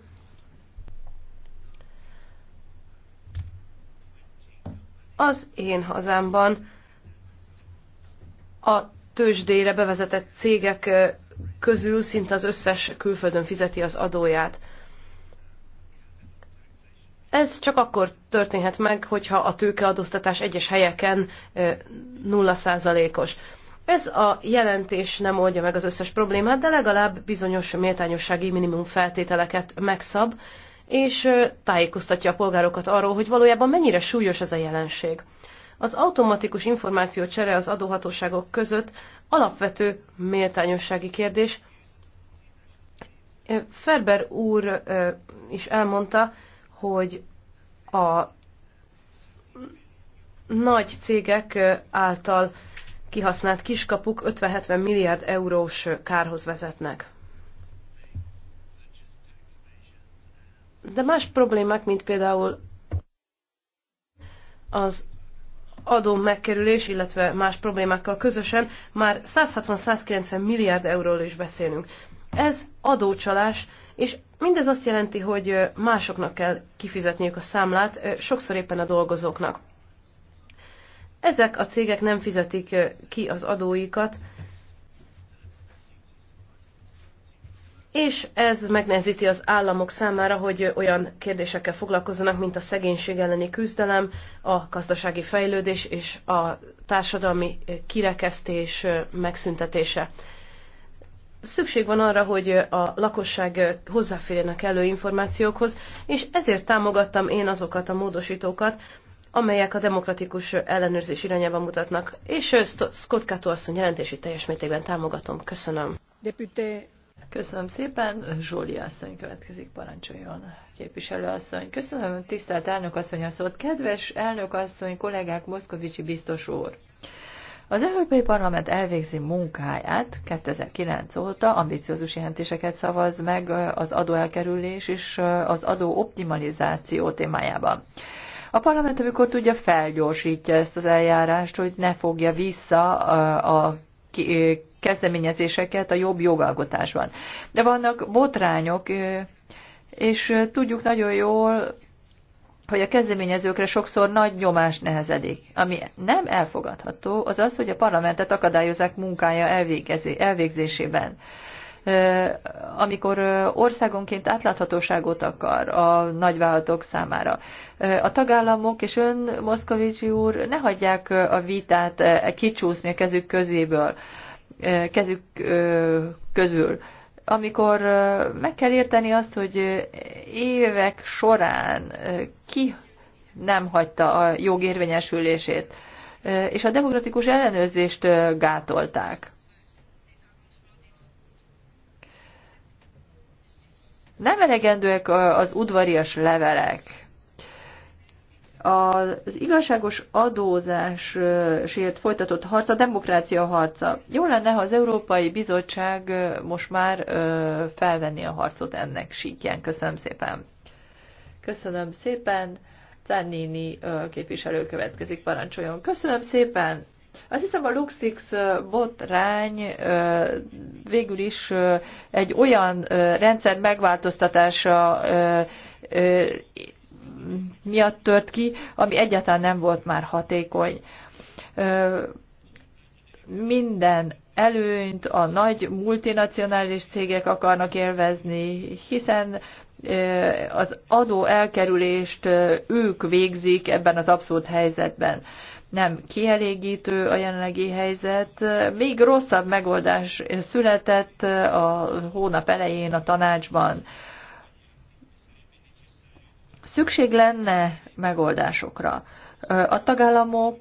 Az én hazámban a tőzsdére bevezetett cégek közül szinte az összes külföldön fizeti az adóját. Ez csak akkor történhet meg, hogyha a tőkeadóztatás egyes helyeken 0%-os. Ez a jelentés nem oldja meg az összes problémát, de legalább bizonyos méltányossági minimum feltételeket megszab, és tájékoztatja a polgárokat arról, hogy valójában mennyire súlyos ez a jelenség. Az automatikus információcsere az adóhatóságok között alapvető méltányossági kérdés. Ferber úr is elmondta, hogy a nagy cégek által kihasznált kiskapuk 50-70 milliárd eurós kárhoz vezetnek. De más problémák, mint például az adó megkerülés, illetve más problémákkal közösen már 160-190 milliárd euróról is beszélünk. Ez adócsalás, és mindez azt jelenti, hogy másoknak kell kifizetniük a számlát, sokszor éppen a dolgozóknak. Ezek a cégek nem fizetik ki az adóikat, és ez megnehezíti az államok számára, hogy olyan kérdésekkel foglalkozzanak, mint a szegénység elleni küzdelem, a gazdasági fejlődés és a társadalmi kirekesztés megszüntetése. Szükség van arra, hogy a lakosság hozzáférjenek elő információkhoz, és ezért támogattam én azokat a módosítókat, amelyek a demokratikus ellenőrzés irányába mutatnak, és Scott Cato asszony jelentését teljes mértékben támogatom. Köszönöm. Deputé Köszönöm szépen. Zsóli asszony következik, parancsoljon képviselő asszony. Köszönöm, tisztelt elnök asszony a szót. Kedves elnök asszony, kollégák, Moszkovicsi biztos úr. Az Európai Parlament elvégzi munkáját 2009 óta, ambiciózus jelentéseket szavaz meg az adóelkerülés és az adó optimalizáció témájában. A parlament, amikor tudja, felgyorsítja ezt az eljárást, hogy ne fogja vissza a kezdeményezéseket a jobb jogalkotásban. De vannak botrányok, és tudjuk nagyon jól, hogy a kezdeményezőkre sokszor nagy nyomás nehezedik. Ami nem elfogadható, az az, hogy a parlamentet akadályozzák munkája elvégzésében amikor országonként átláthatóságot akar a nagyvállalatok számára. A tagállamok és ön, Moszkovicsi úr, ne hagyják a vitát kicsúszni a kezük közéből, kezük közül amikor meg kell érteni azt, hogy évek során ki nem hagyta a jog érvényesülését, és a demokratikus ellenőrzést gátolták. Nem elegendőek az udvarias levelek. Az igazságos adózásért folytatott harc a demokrácia harca. Jó lenne, ha az Európai Bizottság most már felvenni a harcot ennek síkján. Köszönöm szépen. Köszönöm szépen. Czernini képviselő következik, parancsoljon. Köszönöm szépen, azt hiszem a Luxix botrány végül is egy olyan rendszer megváltoztatása miatt tört ki, ami egyáltalán nem volt már hatékony. Minden előnyt a nagy multinacionális cégek akarnak élvezni, hiszen az adó elkerülést ők végzik ebben az abszolút helyzetben nem kielégítő a jelenlegi helyzet. Még rosszabb megoldás született a hónap elején a tanácsban. Szükség lenne megoldásokra. A tagállamok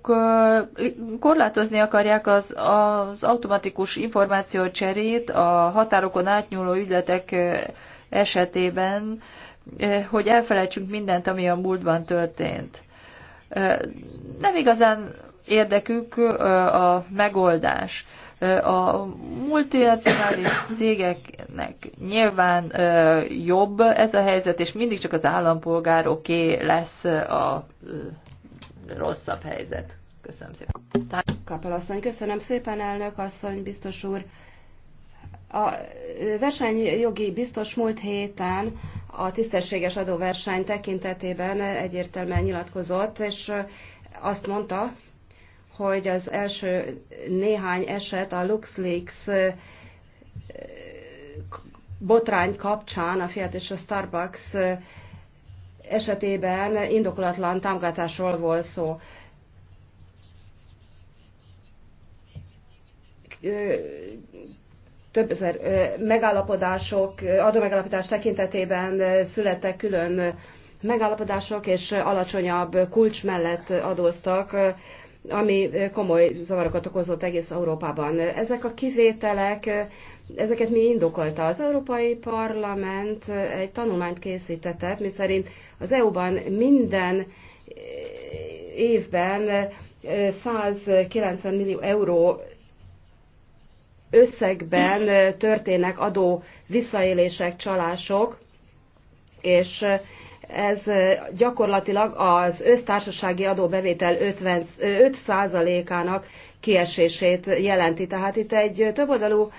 korlátozni akarják az, az automatikus információcserét a határokon átnyúló ügyletek esetében, hogy elfelejtsünk mindent, ami a múltban történt nem igazán érdekük a megoldás. A multinacionális cégeknek nyilván jobb ez a helyzet, és mindig csak az állampolgároké lesz a rosszabb helyzet. Köszönöm szépen. Kapelasszony, köszönöm szépen, elnök asszony, biztos úr. A versenyjogi biztos múlt héten a tisztességes adóverseny tekintetében egyértelműen nyilatkozott, és azt mondta, hogy az első néhány eset a LuxLeaks botrány kapcsán a Fiat és a Starbucks esetében indokolatlan támogatásról volt szó több ezer megállapodások, adómegállapodás tekintetében születtek külön megállapodások, és alacsonyabb kulcs mellett adóztak, ami komoly zavarokat okozott egész Európában. Ezek a kivételek, ezeket mi indokolta? Az Európai Parlament egy tanulmányt készítetett, miszerint az EU-ban minden évben 190 millió euró összegben történnek adó visszaélések, csalások, és ez gyakorlatilag az össztársasági adóbevétel 50, 5%-ának kiesését jelenti. Tehát itt egy többoldalú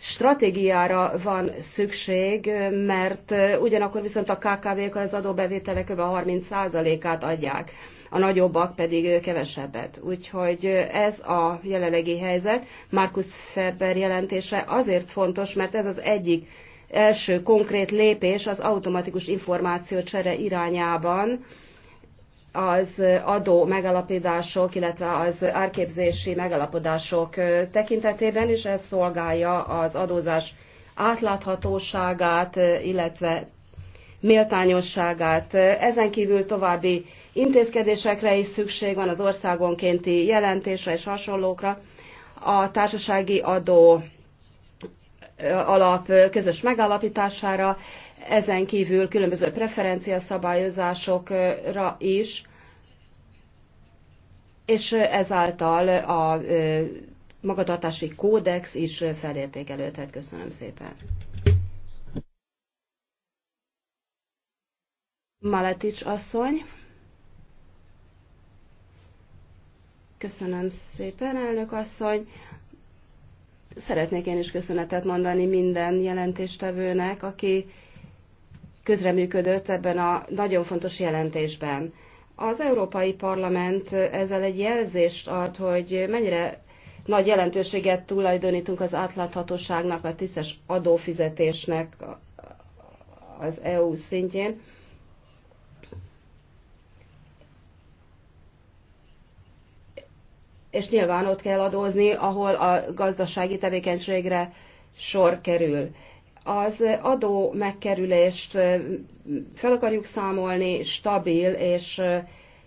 stratégiára van szükség, mert ugyanakkor viszont a KKV-k az adóbevételek kb. 30%-át adják a nagyobbak pedig kevesebbet. Úgyhogy ez a jelenlegi helyzet. Markus Ferber jelentése azért fontos, mert ez az egyik első konkrét lépés az automatikus információcsere irányában, az adó megalapítások, illetve az árképzési megalapodások tekintetében, és ez szolgálja az adózás átláthatóságát, illetve méltányosságát. Ezen kívül további intézkedésekre is szükség van, az országonkénti jelentésre és hasonlókra. A társasági adó eh, alap eh, közös megállapítására, ezen kívül különböző preferencia szabályozásokra is, és ezáltal a eh, magatartási kódex is felértékelődhet. Köszönöm szépen. Maletics asszony. Köszönöm szépen, elnök asszony. Szeretnék én is köszönetet mondani minden jelentéstevőnek, aki közreműködött ebben a nagyon fontos jelentésben. Az Európai Parlament ezzel egy jelzést ad, hogy mennyire nagy jelentőséget tulajdonítunk az átláthatóságnak, a tisztes adófizetésnek az EU szintjén. és nyilván ott kell adózni, ahol a gazdasági tevékenységre sor kerül. Az adó megkerülést fel akarjuk számolni, stabil és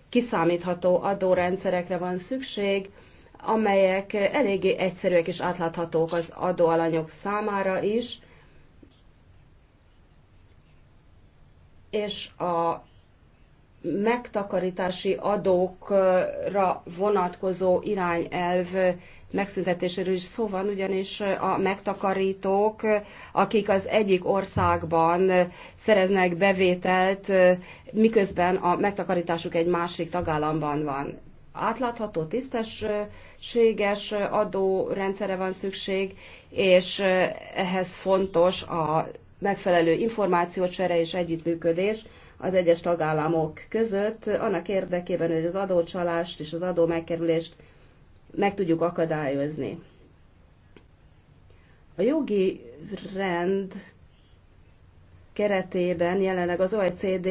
kiszámítható adórendszerekre van szükség, amelyek eléggé egyszerűek és átláthatók az adóalanyok számára is, és a megtakarítási adókra vonatkozó irányelv megszüntetéséről is szó van, ugyanis a megtakarítók, akik az egyik országban szereznek bevételt, miközben a megtakarításuk egy másik tagállamban van. Átlátható, tisztességes adórendszere van szükség, és ehhez fontos a megfelelő információcsere és együttműködés, az egyes tagállamok között, annak érdekében, hogy az adócsalást és az adó megkerülést meg tudjuk akadályozni. A jogi rend keretében jelenleg az OECD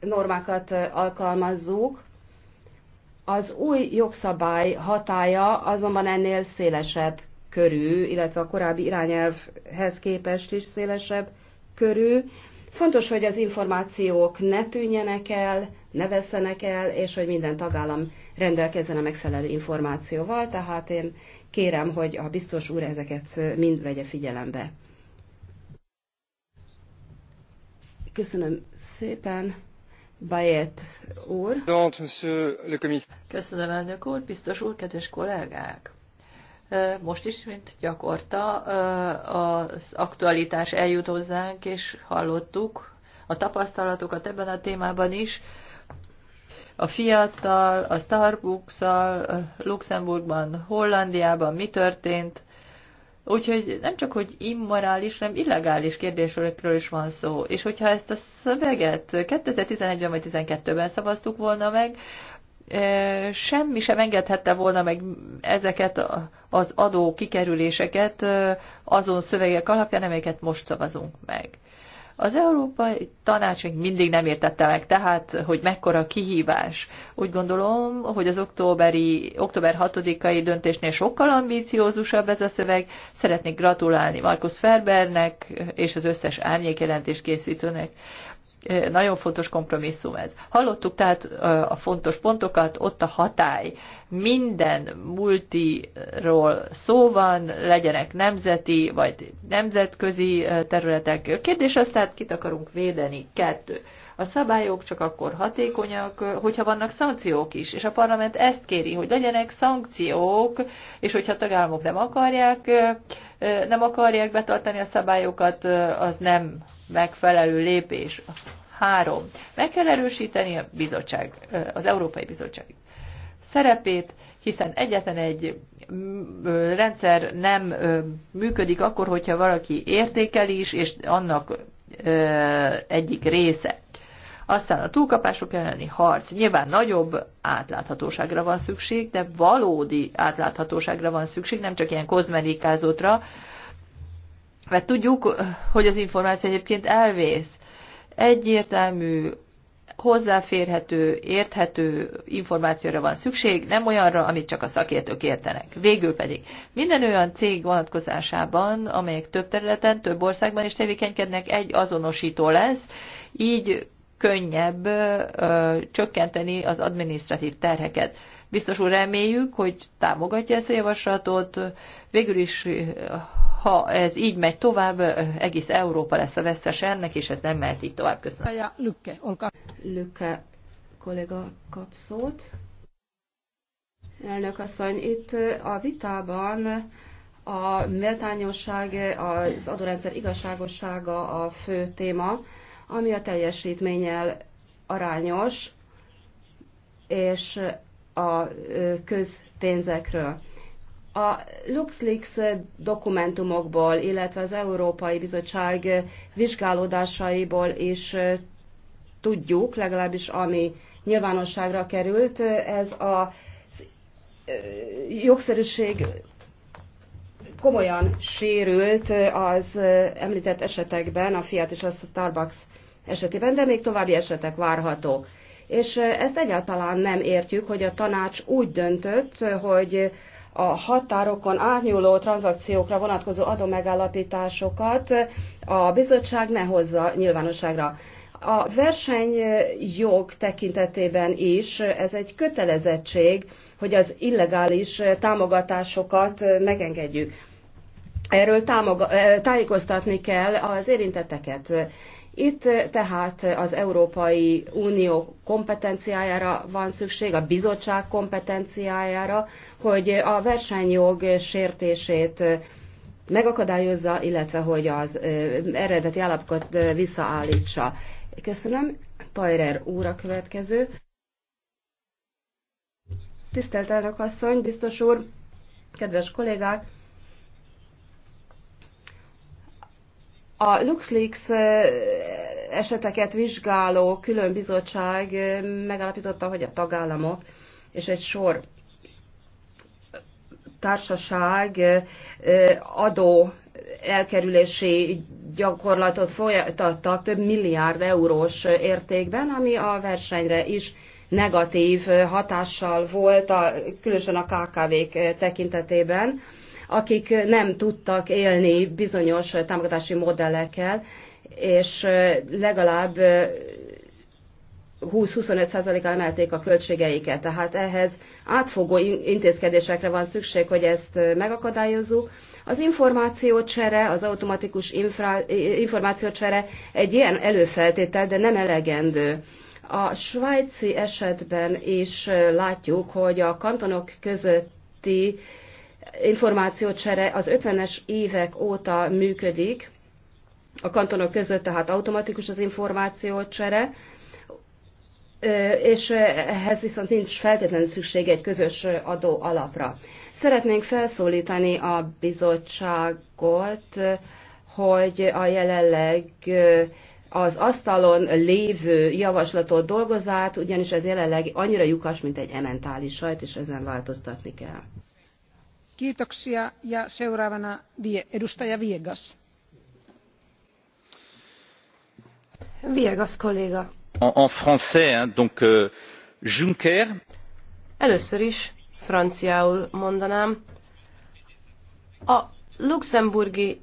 normákat alkalmazzuk, az új jogszabály hatája azonban ennél szélesebb körű, illetve a korábbi irányelvhez képest is szélesebb körű, Fontos, hogy az információk ne tűnjenek el, ne vesszenek el, és hogy minden tagállam rendelkezzen a megfelelő információval, tehát én kérem, hogy a biztos úr ezeket mind vegye figyelembe. Köszönöm szépen. Bayet úr. Köszönöm, elnök úr, biztos úr, kedves kollégák! most is, mint gyakorta, az aktualitás eljut hozzánk, és hallottuk a tapasztalatokat ebben a témában is. A Fiattal, a Starbucks-szal, Luxemburgban, Hollandiában mi történt. Úgyhogy nem csak, hogy immorális, hanem illegális kérdésről is van szó. És hogyha ezt a szöveget 2011-ben vagy 2012-ben szavaztuk volna meg, semmi sem engedhette volna meg ezeket az adó kikerüléseket azon szövegek alapján, amelyeket most szavazunk meg. Az Európai Tanács még mindig nem értette meg, tehát, hogy mekkora kihívás. Úgy gondolom, hogy az októberi, október 6-ai döntésnél sokkal ambíciózusabb ez a szöveg. Szeretnék gratulálni Markus Ferbernek és az összes árnyékjelentés készítőnek. Nagyon fontos kompromisszum ez. Hallottuk tehát a fontos pontokat, ott a hatály. Minden multiról szó van, legyenek nemzeti vagy nemzetközi területek. Kérdés az tehát, kit akarunk védeni? Kettő. A szabályok csak akkor hatékonyak, hogyha vannak szankciók is, és a parlament ezt kéri, hogy legyenek szankciók, és hogyha a tagállamok nem akarják, nem akarják betartani a szabályokat, az nem megfelelő lépés. Három. Meg kell erősíteni a bizottság, az Európai Bizottság szerepét, hiszen egyetlen egy mm, rendszer nem működik akkor, hogyha valaki értékeli is, és annak egyik része. Aztán a túlkapások elleni harc. Nyilván nagyobb átláthatóságra van szükség, de valódi átláthatóságra van szükség, nem csak ilyen kozmetikázótra, mert hát tudjuk, hogy az információ egyébként elvész. Egyértelmű, hozzáférhető, érthető információra van szükség, nem olyanra, amit csak a szakértők értenek. Végül pedig minden olyan cég vonatkozásában, amelyek több területen, több országban is tevékenykednek, egy azonosító lesz, így könnyebb ö, csökkenteni az adminisztratív terheket. Biztos úr, reméljük, hogy támogatja ezt a javaslatot. Végül is, ha ez így megy tovább, egész Európa lesz a vesztes ennek, és ez nem mehet így tovább. Köszönöm. Lükke, Lükke kollega kap szót. Elnök asszony, itt a vitában a méltányosság, az adórendszer igazságossága a fő téma, ami a teljesítménnyel arányos, és a közpénzekről. A LuxLeaks dokumentumokból, illetve az Európai Bizottság vizsgálódásaiból is tudjuk, legalábbis ami nyilvánosságra került, ez a jogszerűség komolyan sérült az említett esetekben, a Fiat és a Starbucks esetében, de még további esetek várhatók és ezt egyáltalán nem értjük, hogy a tanács úgy döntött, hogy a határokon átnyúló tranzakciókra vonatkozó adómegállapításokat a bizottság ne hozza nyilvánosságra. A versenyjog tekintetében is ez egy kötelezettség, hogy az illegális támogatásokat megengedjük. Erről támoga- tájékoztatni kell az érintetteket. Itt eh, tehát eh, az Európai Unió kompetenciájára van szükség, a bizottság kompetenciájára, hogy eh, a versenyjog sértését megakadályozza, illetve hogy az eredeti állapot visszaállítsa. Köszönöm. Tajrer úr a következő. Tisztelt elnök asszony, biztos úr, kedves kollégák! A LuxLeaks eseteket vizsgáló külön bizottság megállapította, hogy a tagállamok és egy sor társaság adó elkerülési gyakorlatot folytattak több milliárd eurós értékben, ami a versenyre is negatív hatással volt, különösen a KKV-k tekintetében akik nem tudtak élni bizonyos támogatási modellekkel, és legalább 20-25%-kal emelték a költségeiket. Tehát ehhez átfogó intézkedésekre van szükség, hogy ezt megakadályozzuk. Az információcsere, az automatikus infra, információcsere egy ilyen előfeltétel, de nem elegendő. A svájci esetben is látjuk, hogy a kantonok közötti információcsere az 50-es évek óta működik, a kantonok között tehát automatikus az információcsere, és ehhez viszont nincs feltétlenül szükség egy közös adó alapra. Szeretnénk felszólítani a bizottságot, hogy a jelenleg az asztalon lévő javaslatot dolgozát, ugyanis ez jelenleg annyira lyukas, mint egy ementális sajt, és ezen változtatni kell en français donc euh, juncker először is franciául mondanám a luxemburgi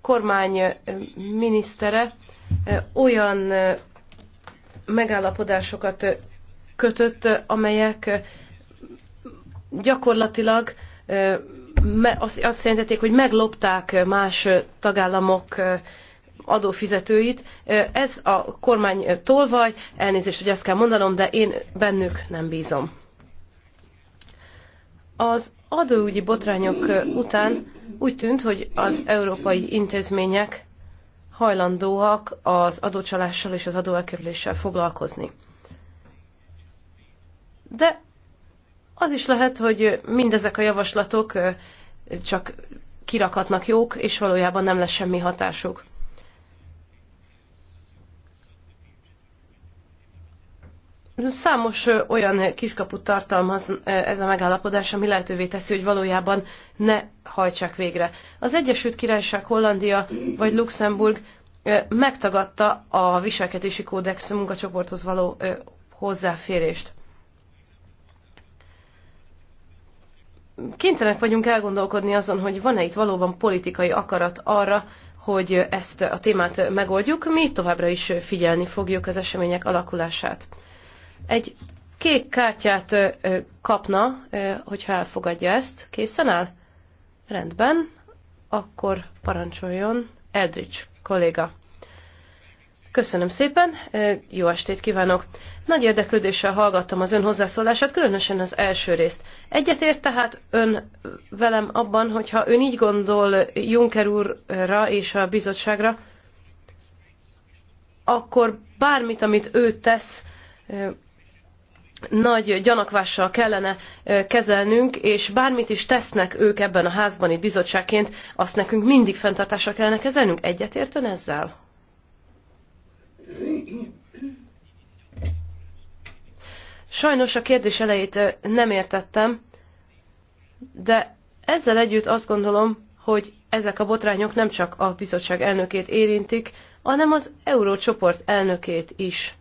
kormány minisztere olyan megállapodásokat kötött amelyek gyakorlatilag azt jelentették, hogy meglopták más tagállamok adófizetőit. Ez a kormány tolvaj, elnézést, hogy ezt kell mondanom, de én bennük nem bízom. Az adóügyi botrányok után úgy tűnt, hogy az európai intézmények hajlandóak az adócsalással és az adóelkerüléssel foglalkozni. De az is lehet, hogy mindezek a javaslatok csak kirakatnak jók, és valójában nem lesz semmi hatásuk. Számos olyan kiskaput tartalmaz ez a megállapodás, ami lehetővé teszi, hogy valójában ne hajtsák végre. Az Egyesült Királyság, Hollandia vagy Luxemburg megtagadta a viselkedési kódex munkacsoporthoz való hozzáférést. kénytelenek vagyunk elgondolkodni azon, hogy van-e itt valóban politikai akarat arra, hogy ezt a témát megoldjuk, mi továbbra is figyelni fogjuk az események alakulását. Egy kék kártyát kapna, hogyha elfogadja ezt. Készen áll? Rendben. Akkor parancsoljon Eldridge kolléga. Köszönöm szépen, jó estét kívánok! Nagy érdeklődéssel hallgattam az ön hozzászólását, különösen az első részt. Egyetért tehát ön velem abban, hogyha ön így gondol Juncker úrra és a bizottságra, akkor bármit, amit ő tesz, nagy gyanakvással kellene kezelnünk, és bármit is tesznek ők ebben a házban, itt bizottságként, azt nekünk mindig fenntartással kellene kezelnünk. Egyetért ön ezzel? Sajnos a kérdés elejét nem értettem, de ezzel együtt azt gondolom, hogy ezek a botrányok nem csak a bizottság elnökét érintik, hanem az eurócsoport elnökét is.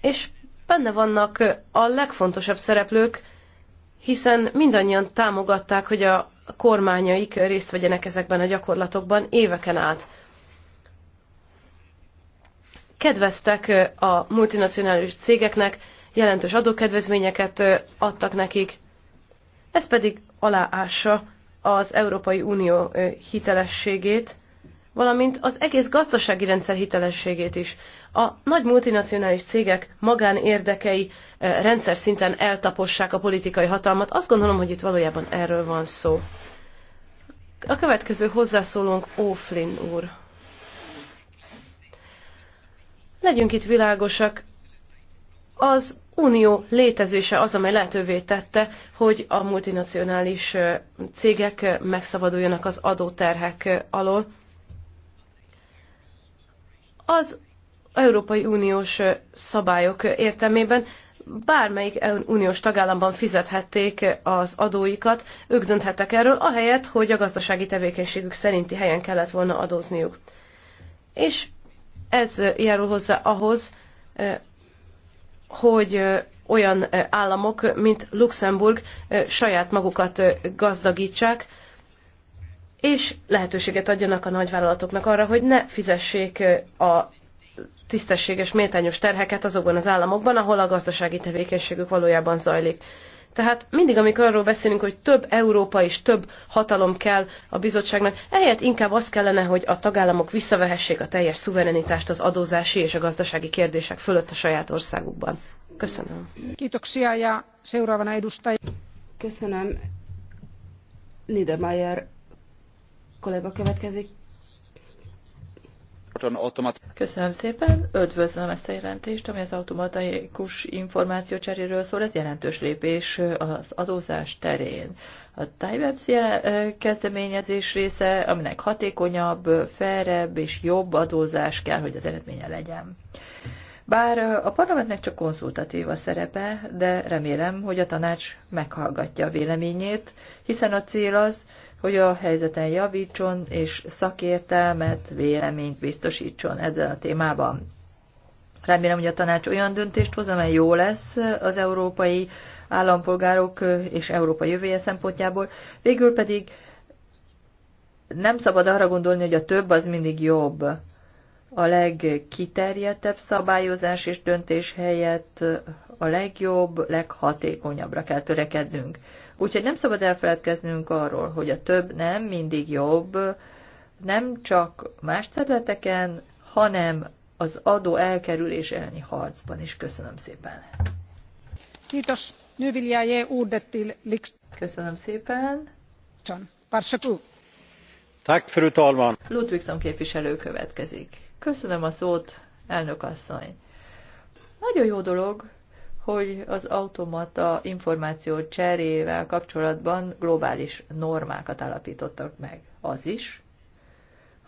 És benne vannak a legfontosabb szereplők, hiszen mindannyian támogatták, hogy a kormányaik részt vegyenek ezekben a gyakorlatokban éveken át. Kedveztek a multinacionális cégeknek, jelentős adókedvezményeket adtak nekik, ez pedig aláássa az Európai Unió hitelességét, valamint az egész gazdasági rendszer hitelességét is. A nagy multinacionális cégek magánérdekei rendszer szinten eltapossák a politikai hatalmat. Azt gondolom, hogy itt valójában erről van szó. A következő hozzászólónk Óflin úr. Legyünk itt világosak, az unió létezése az, amely lehetővé tette, hogy a multinacionális cégek megszabaduljanak az adóterhek alól. Az Európai Uniós szabályok értelmében bármelyik e-, uniós tagállamban fizethették az adóikat, ők dönthettek erről, ahelyett, hogy a gazdasági tevékenységük szerinti helyen kellett volna adózniuk. És ez járul hozzá ahhoz, hogy olyan államok, mint Luxemburg saját magukat gazdagítsák, és lehetőséget adjanak a nagyvállalatoknak arra, hogy ne fizessék a tisztességes, méltányos terheket azokban az államokban, ahol a gazdasági tevékenységük valójában zajlik. Tehát mindig, amikor arról beszélünk, hogy több Európa és több hatalom kell a bizottságnak, ehelyett inkább az kellene, hogy a tagállamok visszavehessék a teljes szuverenitást az adózási és a gazdasági kérdések fölött a saját országukban. Köszönöm. Kiitoksia ja seuraavana edustaja. Köszönöm. Niedermayer kollega következik. Köszönöm szépen, üdvözlöm ezt a jelentést, ami az automatikus információcseréről szól, ez jelentős lépés az adózás terén. A TimeWebs kezdeményezés része, aminek hatékonyabb, felrebb és jobb adózás kell, hogy az eredménye legyen. Bár a parlamentnek csak konzultatív a szerepe, de remélem, hogy a tanács meghallgatja a véleményét, hiszen a cél az, hogy a helyzeten javítson és szakértelmet, véleményt biztosítson ezzel a témában. Remélem, hogy a tanács olyan döntést hoz, amely jó lesz az európai állampolgárok és Európa jövője szempontjából. Végül pedig nem szabad arra gondolni, hogy a több az mindig jobb. A legkiterjedtebb szabályozás és döntés helyett a legjobb, leghatékonyabbra kell törekednünk. Úgyhogy nem szabad elfeledkeznünk arról, hogy a több nem mindig jobb, nem csak más területeken, hanem az adó elkerülés elleni harcban is. Köszönöm szépen. Kiitos. Nu vill jag ge ordet till Köszönöm szépen. John, Tack, fru talman. Ludvigson képviselő következik. Köszönöm a szót, elnök asszony. Nagyon jó dolog, hogy az automata információ cserével kapcsolatban globális normákat állapítottak meg. Az is,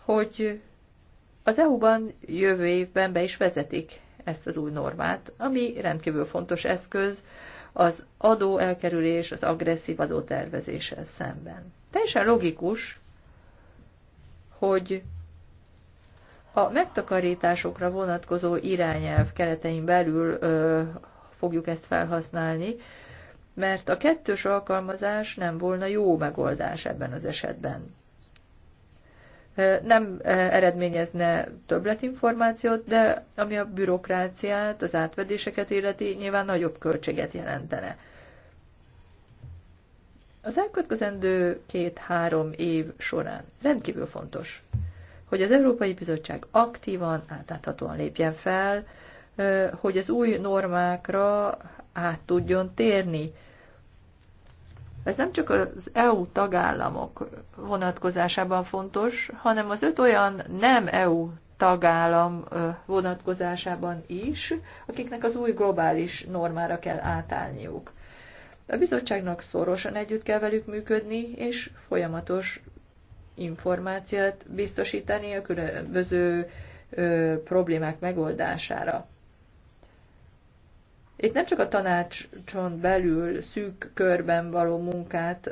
hogy az EU-ban jövő évben be is vezetik ezt az új normát, ami rendkívül fontos eszköz az adó elkerülés, az agresszív adótervezéssel szemben. Teljesen logikus, hogy a megtakarításokra vonatkozó irányelv keretein belül ö, fogjuk ezt felhasználni, mert a kettős alkalmazás nem volna jó megoldás ebben az esetben. Nem eredményezne többletinformációt, de ami a bürokráciát, az átvedéseket illeti, nyilván nagyobb költséget jelentene. Az elkövetkezendő két-három év során rendkívül fontos, hogy az Európai Bizottság aktívan, átláthatóan lépjen fel, hogy az új normákra át tudjon térni. Ez nem csak az EU tagállamok vonatkozásában fontos, hanem az öt olyan nem EU tagállam vonatkozásában is, akiknek az új globális normára kell átállniuk. A bizottságnak szorosan együtt kell velük működni, és folyamatos információt biztosítani a különböző problémák megoldására. Itt nem csak a tanácson belül szűk körben való munkát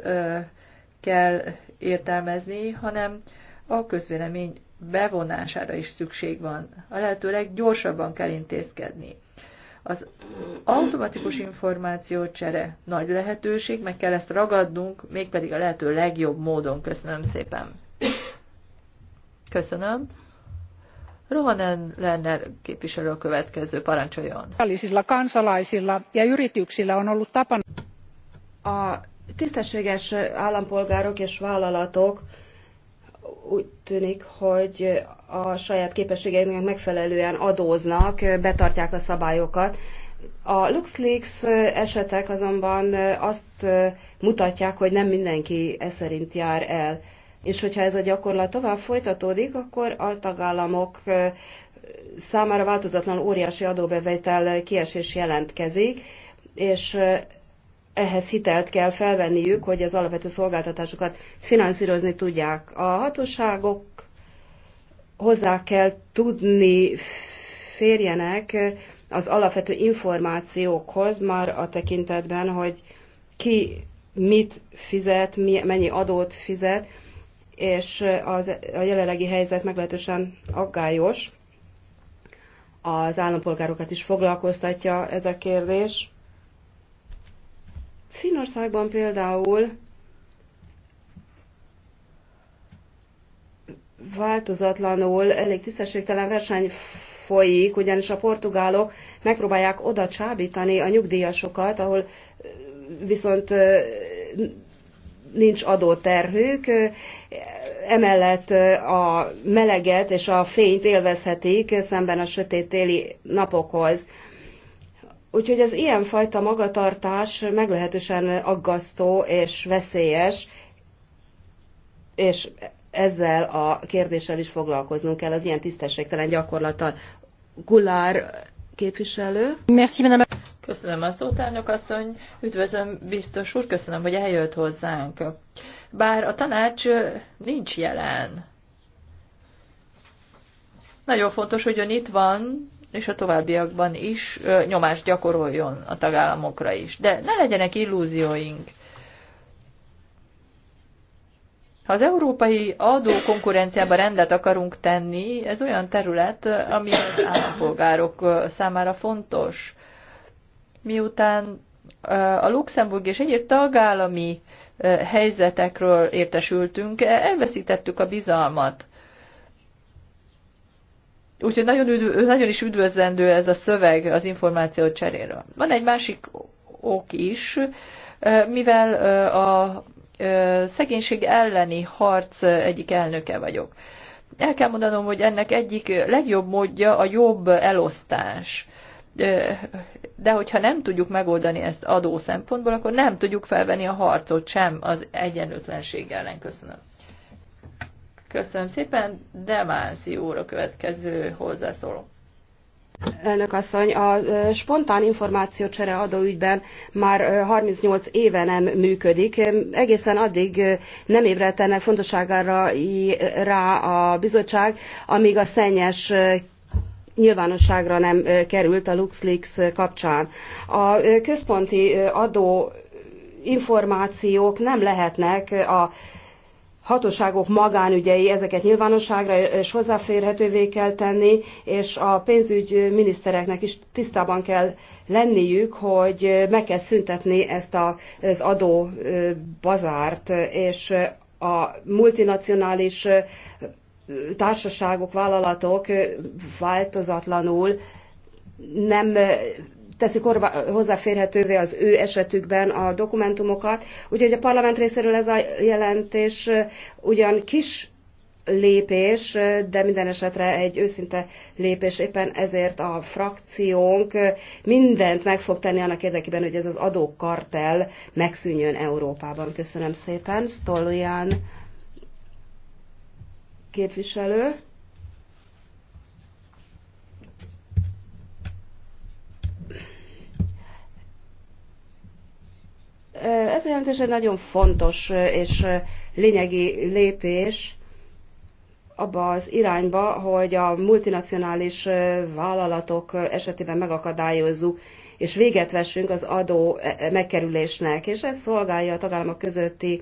kell értelmezni, hanem a közvélemény bevonására is szükség van. A lehető leggyorsabban kell intézkedni. Az automatikus információcsere nagy lehetőség, meg kell ezt ragadnunk, mégpedig a lehető legjobb módon. Köszönöm szépen. Köszönöm. Ruhonen Lerner képviselő a következő parancsoljon. kansalaisilla ja yrityksillä on ollut tapana... A tisztességes állampolgárok és vállalatok úgy tűnik, hogy a saját képességeinek megfelelően adóznak, betartják a szabályokat. A LuxLeaks esetek azonban azt mutatják, hogy nem mindenki e szerint jár el. És hogyha ez a gyakorlat tovább folytatódik, akkor a tagállamok számára változatlan óriási adóbevétel kiesés jelentkezik, és ehhez hitelt kell felvenniük, hogy az alapvető szolgáltatásokat finanszírozni tudják. A hatóságok hozzá kell tudni férjenek az alapvető információkhoz már a tekintetben, hogy ki mit fizet, mennyi adót fizet, és az, a jelenlegi helyzet meglehetősen aggályos. Az állampolgárokat is foglalkoztatja ez a kérdés. Finországban például változatlanul elég tisztességtelen verseny folyik, ugyanis a portugálok megpróbálják oda csábítani a nyugdíjasokat, ahol viszont nincs adóterhők, emellett a meleget és a fényt élvezhetik szemben a sötét téli napokhoz. Úgyhogy az ilyenfajta magatartás meglehetősen aggasztó és veszélyes, és ezzel a kérdéssel is foglalkoznunk kell, az ilyen tisztességtelen gyakorlattal. Gulár képviselő. Merci, madame. Köszönöm a szót, elnök asszony. Üdvözlöm, biztos úr, köszönöm, hogy eljött hozzánk. Bár a tanács nincs jelen. Nagyon fontos, hogy ön itt van, és a továbbiakban is nyomást gyakoroljon a tagállamokra is. De ne legyenek illúzióink. Ha az európai adókonkurenciába rendet akarunk tenni, ez olyan terület, ami az állampolgárok számára fontos miután a Luxemburg és egyéb tagállami helyzetekről értesültünk, e, elveszítettük a bizalmat. Úgyhogy nagyon, üdv, nagyon is üdvözlendő ez a szöveg az információ cseréről. Van egy másik ok is, mivel a szegénység elleni harc egyik elnöke vagyok. El kell mondanom, hogy ennek egyik legjobb módja a jobb elosztás de hogyha nem tudjuk megoldani ezt adó szempontból, akkor nem tudjuk felvenni a harcot sem az egyenlőtlenség ellen. Köszönöm. Köszönöm szépen. Demánci úr a következő hozzászóló. Elnök asszony, a spontán információcsere adóügyben már 38 éve nem működik. Egészen addig nem ébredt ennek fontosságára rá a bizottság, amíg a szennyes nyilvánosságra nem került a LuxLeaks kapcsán. A központi adó információk nem lehetnek a hatóságok magánügyei, ezeket nyilvánosságra és hozzáférhetővé kell tenni, és a pénzügyminisztereknek is tisztában kell lenniük, hogy meg kell szüntetni ezt az adó bazárt, és a multinacionális társaságok, vállalatok változatlanul nem teszik hozzáférhetővé az ő esetükben a dokumentumokat. Úgyhogy a parlament részéről ez a jelentés ugyan kis lépés, de minden esetre egy őszinte lépés. Éppen ezért a frakciónk mindent meg fog tenni annak érdekében, hogy ez az adókartel megszűnjön Európában. Köszönöm szépen. Stolian képviselő. Ez a jelentés egy nagyon fontos és lényegi lépés abba az irányba, hogy a multinacionális vállalatok esetében megakadályozzuk, és véget vessünk az adó megkerülésnek, és ez szolgálja a tagállamok közötti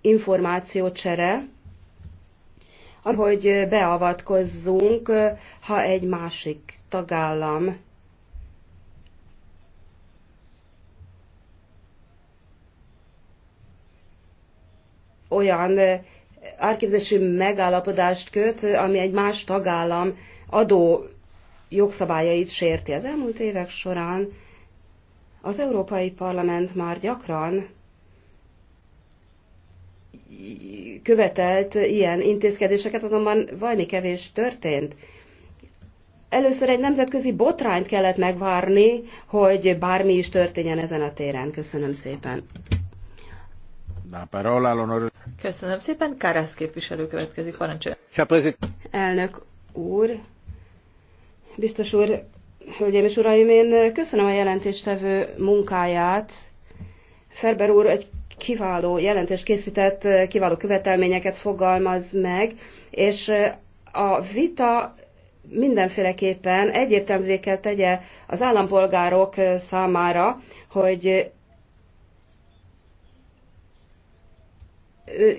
információcsere, hogy beavatkozzunk, ha egy másik tagállam olyan árképzési megállapodást köt, ami egy más tagállam adó jogszabályait sérti. Az elmúlt évek során az Európai Parlament már gyakran követelt ilyen intézkedéseket, azonban valami kevés történt. Először egy nemzetközi botrányt kellett megvárni, hogy bármi is történjen ezen a téren. Köszönöm szépen. Köszönöm szépen. Kárász képviselő következik, Parancsol. Elnök úr, biztos úr, hölgyeim és uraim, én köszönöm a jelentéstevő munkáját. Ferber úr egy kiváló jelentés készített, kiváló követelményeket fogalmaz meg, és a vita mindenféleképpen egyértelművé kell tegye az állampolgárok számára, hogy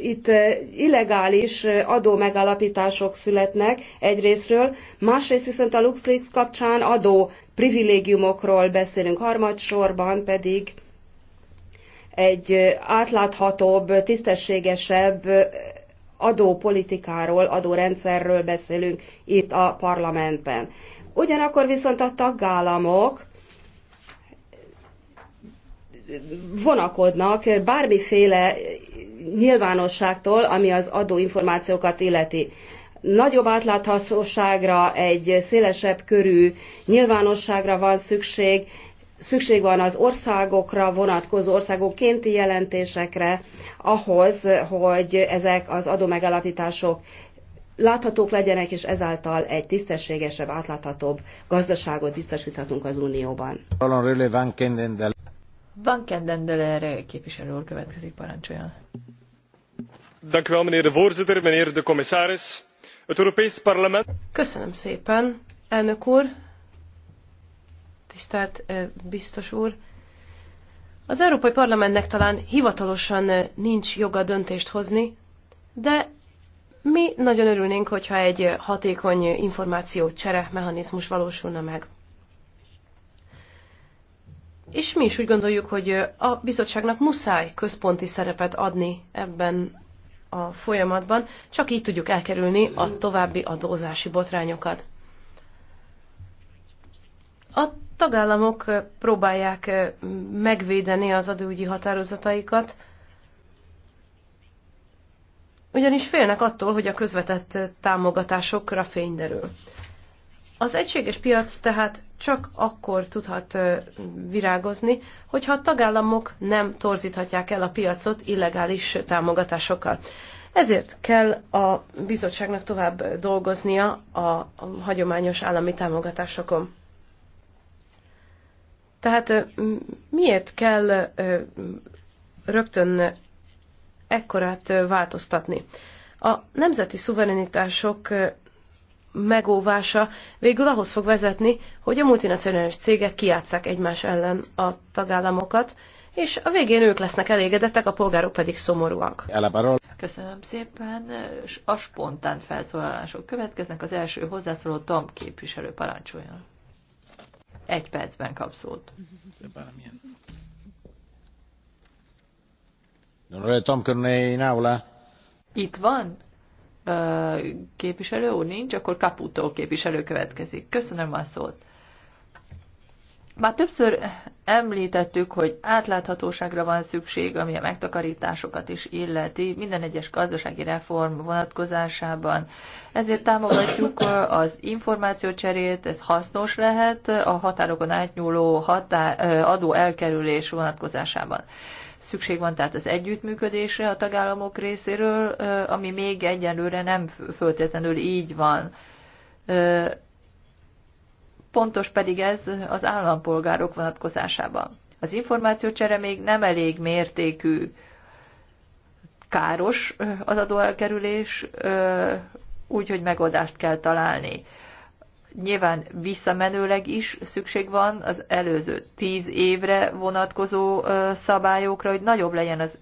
itt illegális adó megállapítások születnek egyrésztről, másrészt viszont a LuxLeaks kapcsán adó privilégiumokról beszélünk, harmadsorban pedig egy átláthatóbb, tisztességesebb adópolitikáról, adórendszerről beszélünk itt a parlamentben. Ugyanakkor viszont a tagállamok vonakodnak bármiféle nyilvánosságtól, ami az adóinformációkat illeti. Nagyobb átláthatóságra, egy szélesebb körű nyilvánosságra van szükség, szükség van az országokra vonatkozó országokénti jelentésekre ahhoz, hogy ezek az adómegalapítások láthatók legyenek, és ezáltal egy tisztességesebb, átláthatóbb gazdaságot biztosíthatunk az Unióban. Van Kendendele képviselő úr következik, parancsoljon. Dank u wel, meneer de voorzitter, meneer de commissaris. Het Europees Parlement. Köszönöm szépen, elnök úr, tisztelt biztos úr! Az Európai Parlamentnek talán hivatalosan nincs joga döntést hozni, de mi nagyon örülnénk, hogyha egy hatékony csere mechanizmus valósulna meg. És mi is úgy gondoljuk, hogy a bizottságnak muszáj központi szerepet adni ebben a folyamatban, csak így tudjuk elkerülni a további adózási botrányokat. A tagállamok próbálják megvédeni az adóügyi határozataikat, ugyanis félnek attól, hogy a közvetett támogatásokra fény derül. Az egységes piac tehát csak akkor tudhat virágozni, hogyha a tagállamok nem torzíthatják el a piacot illegális támogatásokkal. Ezért kell a bizottságnak tovább dolgoznia a hagyományos állami támogatásokon. Tehát miért kell rögtön ekkorát változtatni? A nemzeti szuverenitások megóvása végül ahhoz fog vezetni, hogy a multinacionális cégek kiátszák egymás ellen a tagállamokat, és a végén ők lesznek elégedettek, a polgárok pedig szomorúak. Köszönöm szépen, a spontán felszólalások következnek. Az első hozzászóló Tom képviselő parancsoljon egy percben kap Itt van? képviselő úr nincs, akkor Kaputó képviselő következik. Köszönöm a szót. Már többször említettük, hogy átláthatóságra van szükség, ami a megtakarításokat is illeti, minden egyes gazdasági reform vonatkozásában. Ezért támogatjuk az információcserét, ez hasznos lehet a határokon átnyúló határ, adó elkerülés vonatkozásában. Szükség van tehát az együttműködésre a tagállamok részéről, ami még egyelőre nem föltétlenül így van fontos pedig ez az állampolgárok vonatkozásában. Az információcsere még nem elég mértékű, káros az adóelkerülés, úgyhogy megoldást kell találni. Nyilván visszamenőleg is szükség van az előző tíz évre vonatkozó szabályokra, hogy nagyobb legyen az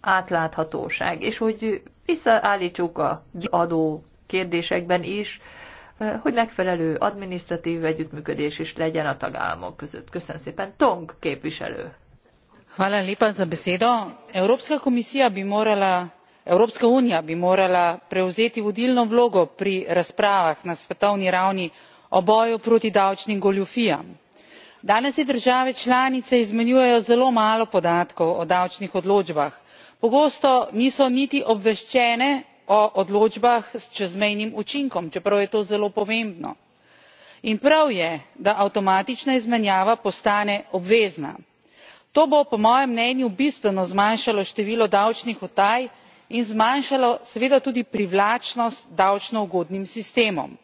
átláthatóság, és hogy visszaállítsuk a adó kérdésekben is hogy megfelelő adminisztratív együttműködés is legyen a tagállamok között. Köszönöm szépen. Tong képviselő. Hvala lepa za besedo. Evropska komisija bi morala, Evropska unija bi morala prevzeti vodilno vlogo pri razpravah na svetovni ravni o boju proti davčnim goljufijam danes si države članice izmenjujejo zelo malo podatkov o davčnih odločbah pogosto niso niti obveščene o odločbah s čezmejnim učinkom čeprav je to zelo pomembno in prav je da avtomatična izmenjava postane obvezna. to bo po mojem mnenju bistveno zmanjšalo število davčnih utaj in zmanjšalo seveda tudi privlačnost davčno ugodnim sistemom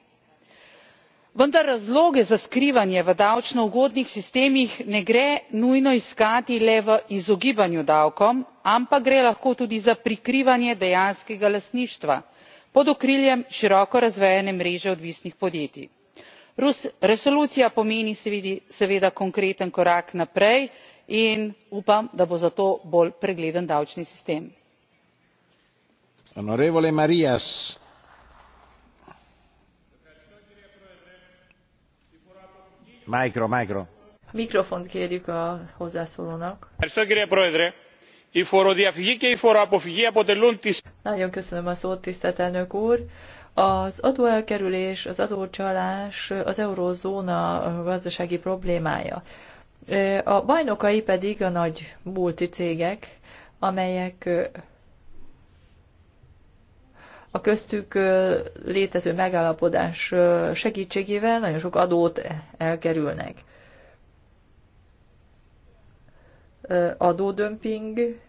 vendar razloge za skrivanje v davčno ugodnih sistemih ne gre nujno iskati le v izogibanju davkom ampak gre lahko tudi za prikrivanje dejanskega lastništva pod okriljem široko razvejane mreže odvisnih podjetij. resolucija pomeni seveda konkreten korak naprej in upam da bo zato bolj pregleden davčni sistem. Micro, micro. Mikrofont kérjük a hozzászólónak. Nagyon köszönöm a szót, tisztelt elnök úr. Az adóelkerülés, az adócsalás az eurózóna gazdasági problémája. A bajnokai pedig a nagy multicégek, amelyek a köztük létező megállapodás segítségével nagyon sok adót elkerülnek. Adódömping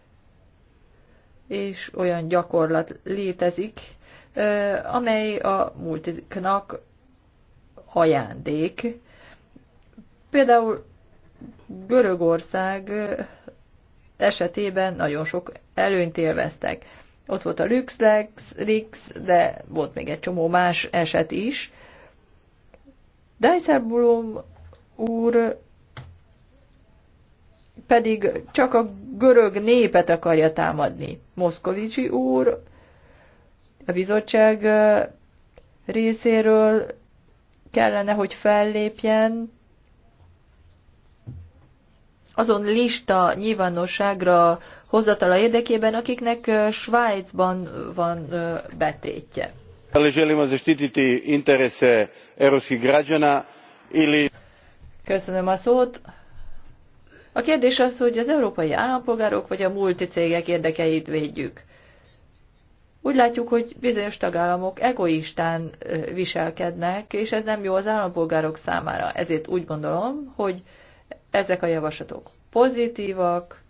és olyan gyakorlat létezik, amely a multiknak ajándék. Például Görögország esetében nagyon sok előnyt élveztek. Ott volt a LuxLex, Rix, de volt még egy csomó más eset is. Dijsselbloem úr pedig csak a görög népet akarja támadni. Moszkovicsi úr a bizottság részéről kellene, hogy fellépjen, azon lista nyilvánosságra hozatala érdekében, akiknek Svájcban van betétje. Köszönöm a szót. A kérdés az, hogy az európai állampolgárok vagy a multicégek érdekeit védjük. Úgy látjuk, hogy bizonyos tagállamok egoistán viselkednek, és ez nem jó az állampolgárok számára. Ezért úgy gondolom, hogy ezek a javaslatok pozitívak,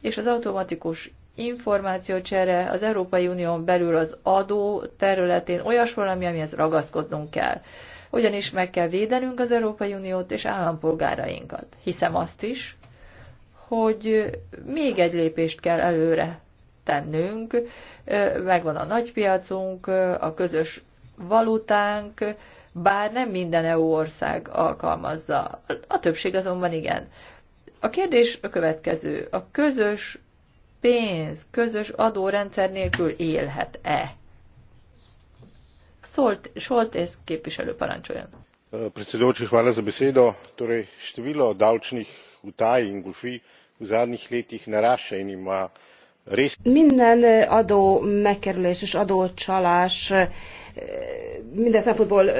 és az automatikus információcsere az Európai Unión belül az adó területén olyas valami, amihez ragaszkodnunk kell. Ugyanis meg kell védenünk az Európai Uniót és állampolgárainkat. Hiszem azt is, hogy még egy lépést kell előre tennünk. Megvan a nagypiacunk, a közös valutánk, bár nem minden EU ország alkalmazza, a többség azonban igen. A kérdés a következő. A közös pénz, közös adórendszer nélkül élhet-e? Szólt, Soltész képviselő parancsoljon. Predsedujoči, hvala za besedo. Torej, število davčnih utaj in gulfi v zadnjih letih narašča in ima res... Minden adó megkerülés és adócsalás minden szempontból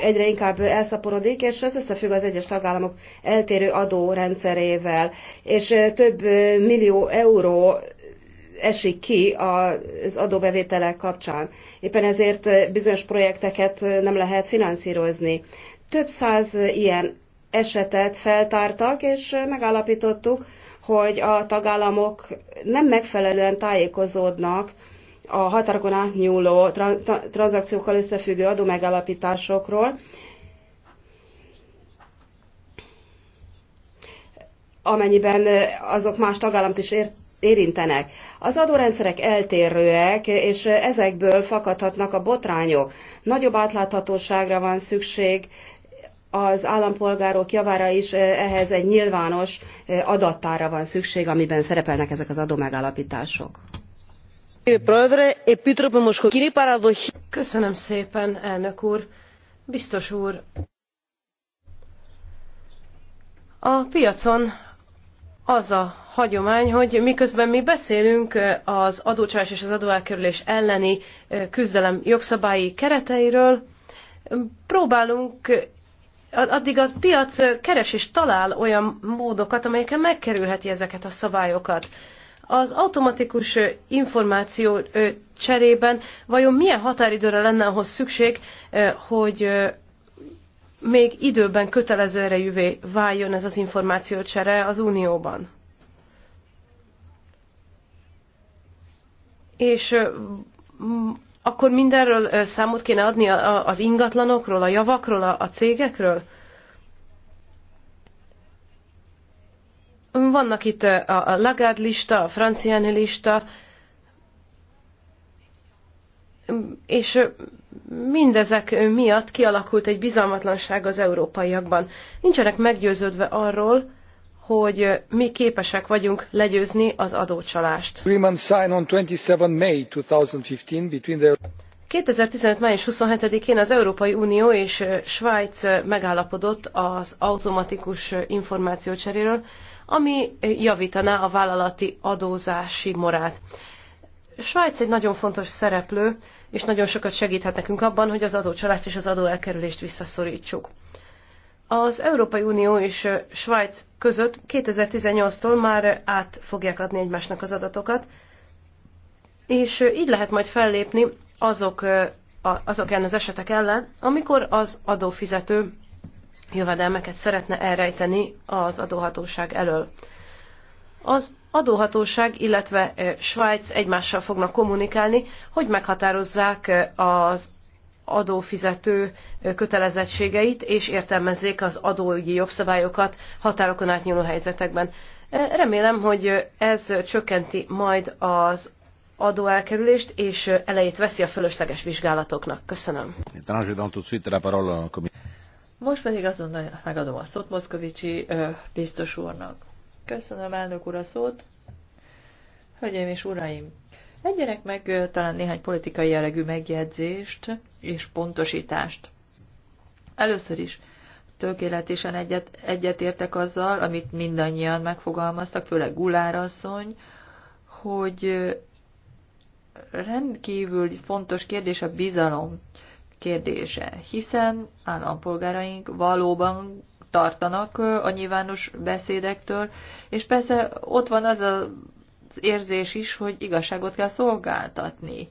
egyre inkább elszaporodik, és ez összefügg az egyes tagállamok eltérő adórendszerével, és több millió euró esik ki az adóbevételek kapcsán. Éppen ezért bizonyos projekteket nem lehet finanszírozni. Több száz ilyen esetet feltártak, és megállapítottuk, hogy a tagállamok nem megfelelően tájékozódnak a határokon átnyúló tranzakciókkal összefüggő adómegállapításokról, amennyiben azok más tagállamt is ért, érintenek. Az adórendszerek eltérőek, és ezekből fakadhatnak a botrányok. Nagyobb átláthatóságra van szükség, az állampolgárok javára is ehhez egy nyilvános adattára van szükség, amiben szerepelnek ezek az adómegállapítások. Köszönöm szépen, elnök úr. Biztos úr. A piacon az a hagyomány, hogy miközben mi beszélünk az adócsalás és az adóelkerülés elleni küzdelem jogszabályi kereteiről, próbálunk addig a piac keres és talál olyan módokat, amelyekkel megkerülheti ezeket a szabályokat az automatikus információ cserében vajon milyen határidőre lenne ahhoz szükség, hogy még időben kötelező erejűvé váljon ez az információcsere az Unióban? És akkor mindenről számot kéne adni az ingatlanokról, a javakról, a cégekről? Vannak itt a, a Lagarde lista, a Franciani lista, és mindezek miatt kialakult egy bizalmatlanság az európaiakban. Nincsenek meggyőződve arról, hogy mi képesek vagyunk legyőzni az adócsalást. 2015. május 27-én az Európai Unió és Svájc megállapodott az automatikus információcseréről, ami javítaná a vállalati adózási morát. Svájc egy nagyon fontos szereplő, és nagyon sokat segíthet nekünk abban, hogy az adócsalást és az adóelkerülést visszaszorítsuk. Az Európai Unió és Svájc között 2018-tól már át fogják adni egymásnak az adatokat, és így lehet majd fellépni azok, azok ellen az esetek ellen, amikor az adófizető jövedelmeket szeretne elrejteni az adóhatóság elől. Az adóhatóság, illetve e, Svájc egymással fognak kommunikálni, hogy meghatározzák e, az adófizető e, kötelezettségeit, és értelmezzék az adóügyi jogszabályokat határokon átnyúló helyzetekben. Remélem, hogy ez csökkenti majd az adóelkerülést, és elejét veszi a fölösleges vizsgálatoknak. Köszönöm. Most pedig azonnal megadom a szót Moszkovicsi ö, biztos úrnak. Köszönöm, elnök úr, a szót. Hölgyeim és uraim, Egyenek meg talán néhány politikai jellegű megjegyzést és pontosítást. Először is tökéletesen egyet, egyetértek azzal, amit mindannyian megfogalmaztak, főleg asszony, hogy rendkívül fontos kérdés a bizalom kérdése, hiszen állampolgáraink valóban tartanak a nyilvános beszédektől, és persze ott van az az érzés is, hogy igazságot kell szolgáltatni.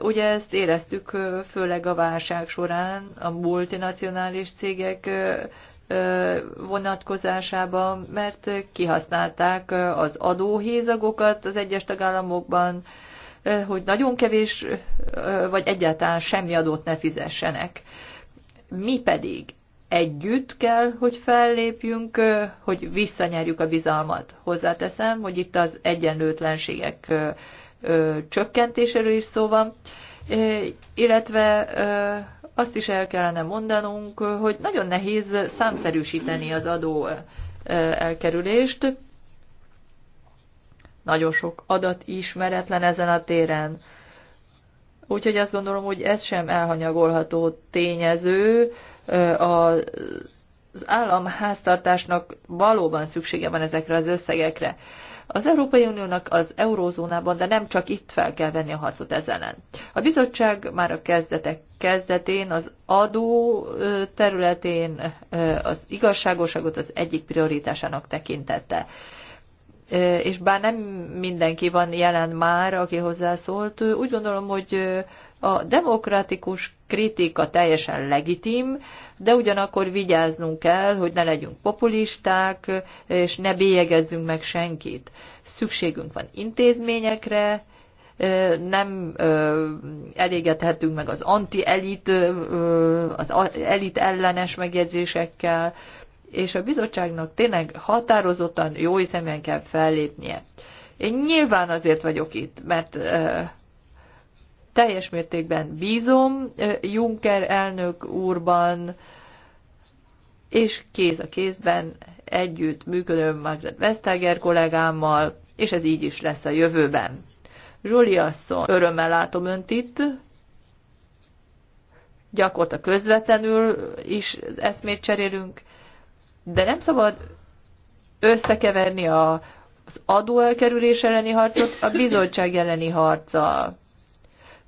Ugye ezt éreztük főleg a válság során, a multinacionális cégek vonatkozásában, mert kihasználták az adóhézagokat az egyes tagállamokban, hogy nagyon kevés, vagy egyáltalán semmi adót ne fizessenek. Mi pedig együtt kell, hogy fellépjünk, hogy visszanyerjük a bizalmat. Hozzáteszem, hogy itt az egyenlőtlenségek csökkentéséről is szó van, illetve azt is el kellene mondanunk, hogy nagyon nehéz számszerűsíteni az adó elkerülést, nagyon sok adat ismeretlen ezen a téren. Úgyhogy azt gondolom, hogy ez sem elhanyagolható tényező. Az államháztartásnak valóban szüksége van ezekre az összegekre. Az Európai Uniónak az eurózónában, de nem csak itt fel kell venni a harcot ez ellen. A bizottság már a kezdetek kezdetén az adó területén az igazságoságot az egyik prioritásának tekintette és bár nem mindenki van jelen már, aki hozzászólt, úgy gondolom, hogy a demokratikus kritika teljesen legitim, de ugyanakkor vigyáznunk kell, hogy ne legyünk populisták, és ne bélyegezzünk meg senkit. Szükségünk van intézményekre, nem elégedhetünk meg az anti-elit, az elit ellenes megjegyzésekkel, és a bizottságnak tényleg határozottan, jó hiszeműen kell fellépnie. Én nyilván azért vagyok itt, mert teljes mértékben bízom Juncker elnök úrban, és kéz a kézben együtt működöm Margaret Vestager kollégámmal, és ez így is lesz a jövőben. Zsuli asszony, örömmel látom Önt itt, gyakorta közvetlenül is eszmét cserélünk, de nem szabad összekeverni a, az adóelkerülés elleni harcot a bizottság elleni harccal.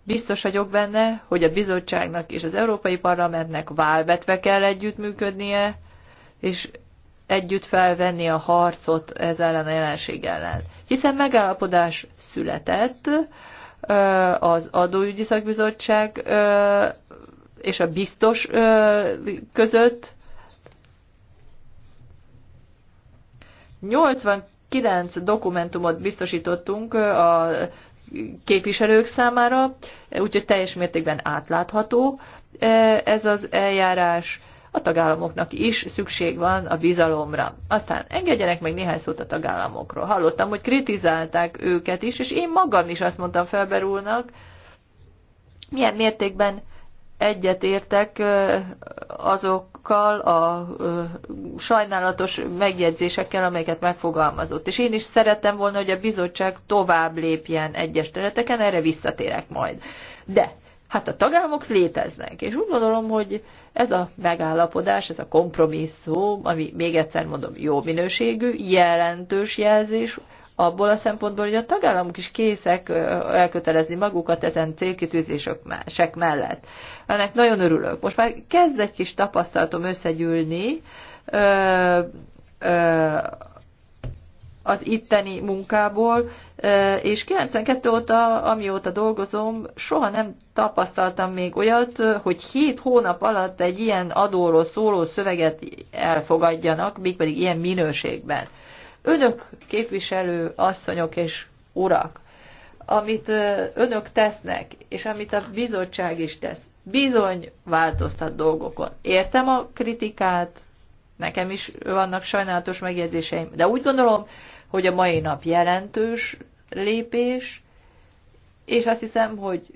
Biztos vagyok benne, hogy a bizottságnak és az Európai Parlamentnek válvetve kell együttműködnie, és együtt felvenni a harcot ez ellen a jelenség ellen. Hiszen megállapodás született az adóügyi szakbizottság és a biztos között, 89 dokumentumot biztosítottunk a képviselők számára, úgyhogy teljes mértékben átlátható ez az eljárás. A tagállamoknak is szükség van a bizalomra. Aztán engedjenek meg néhány szót a tagállamokról. Hallottam, hogy kritizálták őket is, és én magam is azt mondtam felberúlnak, milyen mértékben egyetértek azok aggályokkal, a sajnálatos megjegyzésekkel, amelyeket megfogalmazott. És én is szerettem volna, hogy a bizottság tovább lépjen egyes területeken, erre visszatérek majd. De hát a tagállamok léteznek, és úgy gondolom, hogy ez a megállapodás, ez a kompromisszum, ami még egyszer mondom jó minőségű, jelentős jelzés, abból a szempontból, hogy a tagállamok is készek elkötelezni magukat ezen célkitűzések mellett. Ennek nagyon örülök. Most már kezd egy kis tapasztalatom összegyűlni az itteni munkából, és 92 óta, amióta dolgozom, soha nem tapasztaltam még olyat, hogy 7 hónap alatt egy ilyen adóról szóló szöveget elfogadjanak, mégpedig ilyen minőségben. Önök képviselő asszonyok és urak, amit önök tesznek, és amit a bizottság is tesz, bizony változtat dolgokon. Értem a kritikát, nekem is vannak sajnálatos megjegyzéseim, de úgy gondolom, hogy a mai nap jelentős lépés, és azt hiszem, hogy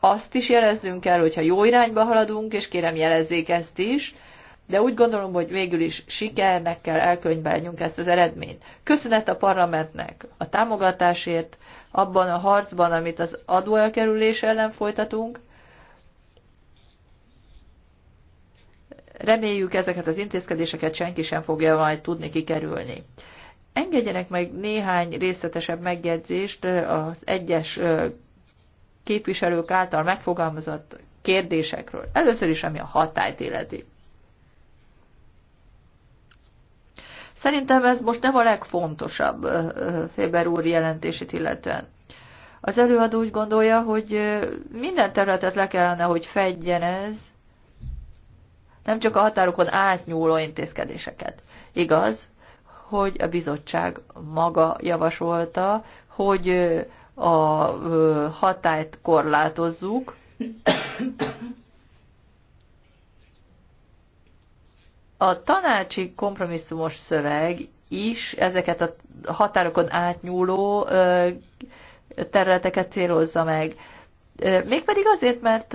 azt is jeleznünk kell, hogyha jó irányba haladunk, és kérem jelezzék ezt is, de úgy gondolom, hogy végül is sikernek kell elkönyvelnünk ezt az eredményt. Köszönet a parlamentnek a támogatásért abban a harcban, amit az adóelkerülés ellen folytatunk. Reméljük ezeket az intézkedéseket senki sem fogja majd tudni kikerülni. Engedjenek meg néhány részletesebb megjegyzést az egyes képviselők által megfogalmazott kérdésekről. Először is, ami a hatályt illeti. Szerintem ez most nem a legfontosabb Féber úr jelentését illetően. Az előadó úgy gondolja, hogy minden területet le kellene, hogy fedjen ez, nem csak a határokon átnyúló intézkedéseket. Igaz, hogy a bizottság maga javasolta, hogy a hatályt korlátozzuk, A tanácsi kompromisszumos szöveg is ezeket a határokon átnyúló területeket célozza meg. Mégpedig azért, mert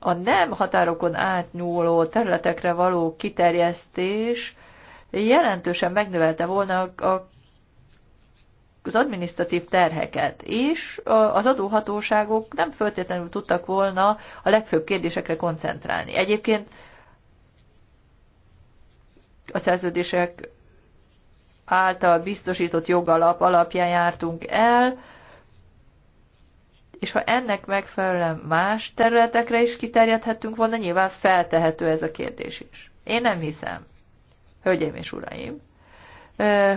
a nem határokon átnyúló területekre való kiterjesztés jelentősen megnövelte volna a, az adminisztratív terheket, és az adóhatóságok nem feltétlenül tudtak volna a legfőbb kérdésekre koncentrálni. Egyébként a szerződések által biztosított jogalap alapján jártunk el, és ha ennek megfelelően más területekre is kiterjedhetünk, volna, nyilván feltehető ez a kérdés is. Én nem hiszem, hölgyeim és uraim,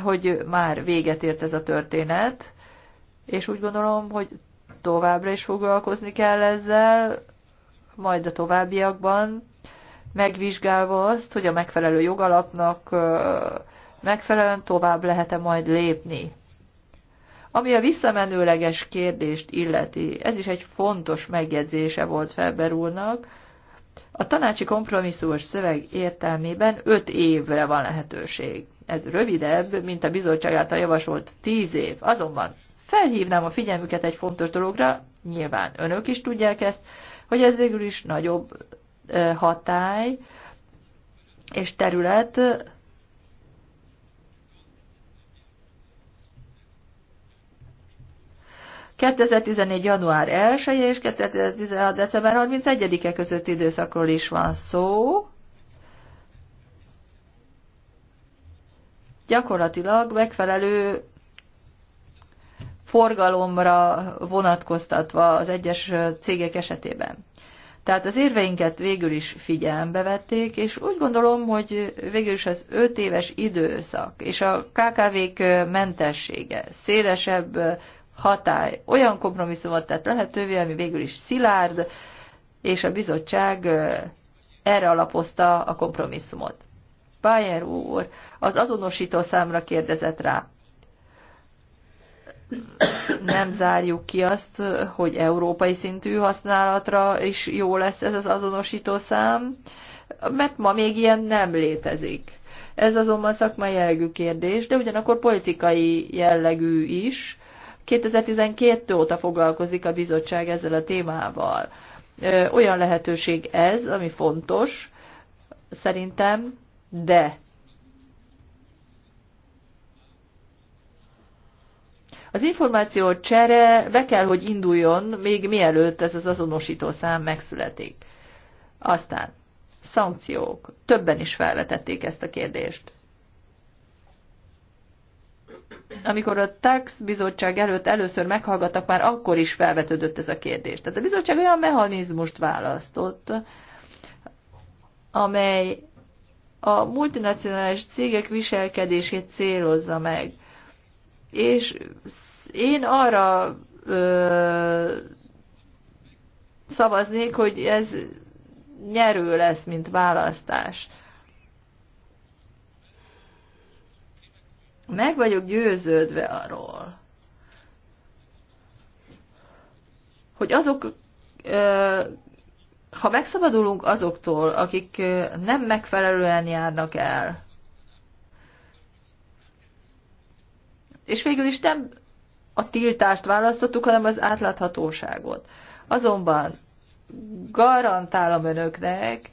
hogy már véget ért ez a történet, és úgy gondolom, hogy továbbra is foglalkozni kell ezzel, majd a továbbiakban, megvizsgálva azt, hogy a megfelelő jogalapnak megfelelően tovább lehet-e majd lépni. Ami a visszamenőleges kérdést illeti, ez is egy fontos megjegyzése volt Felber úrnak, a tanácsi kompromisszumos szöveg értelmében 5 évre van lehetőség. Ez rövidebb, mint a bizottság által javasolt 10 év. Azonban felhívnám a figyelmüket egy fontos dologra, nyilván önök is tudják ezt, hogy ez végül is nagyobb hatály és terület ...2014. január 1 -e és 2016. december 31-e között időszakról is van szó. Gyakorlatilag megfelelő forgalomra vonatkoztatva az egyes cégek esetében. Tehát az érveinket végül is figyelembe vették, és úgy gondolom, hogy végül is az öt éves időszak és a KKV-k mentessége, szélesebb hatály olyan kompromisszumot tett lehetővé, ami végül is szilárd, és a bizottság erre alapozta a kompromisszumot. Bayer úr az azonosító számra kérdezett rá nem zárjuk ki azt, hogy európai szintű használatra is jó lesz ez az azonosító szám, mert ma még ilyen nem létezik. Ez azonban szakmai jellegű kérdés, de ugyanakkor politikai jellegű is. 2012 óta foglalkozik a bizottság ezzel a témával. Olyan lehetőség ez, ami fontos, szerintem, de Az információ csere be kell, hogy induljon, még mielőtt ez az azonosító szám megszületik. Aztán szankciók. Többen is felvetették ezt a kérdést. Amikor a TAX bizottság előtt először meghallgattak, már akkor is felvetődött ez a kérdés. Tehát a bizottság olyan mechanizmust választott, amely a multinacionális cégek viselkedését célozza meg. És én arra ö, szavaznék, hogy ez nyerő lesz, mint választás. Meg vagyok győződve arról, hogy azok, ha megszabadulunk azoktól, akik nem megfelelően járnak el, És végül is nem a tiltást választottuk, hanem az átláthatóságot. Azonban garantálom önöknek,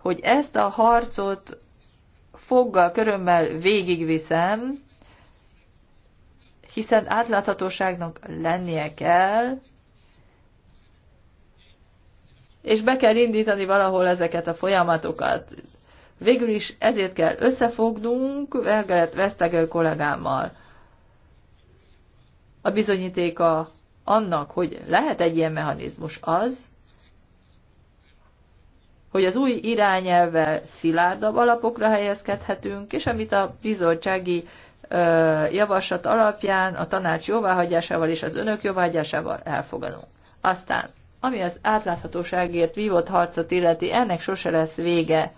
hogy ezt a harcot foggal, körömmel végigviszem, hiszen átláthatóságnak lennie kell, és be kell indítani valahol ezeket a folyamatokat. Végül is ezért kell összefognunk Vergelet Vesztegel kollégámmal. A bizonyítéka annak, hogy lehet egy ilyen mechanizmus az, hogy az új irányelvvel szilárdabb alapokra helyezkedhetünk, és amit a bizottsági javaslat alapján a tanács jóváhagyásával és az önök jóváhagyásával elfogadunk. Aztán, ami az átláthatóságért vívott harcot illeti, ennek sose lesz vége.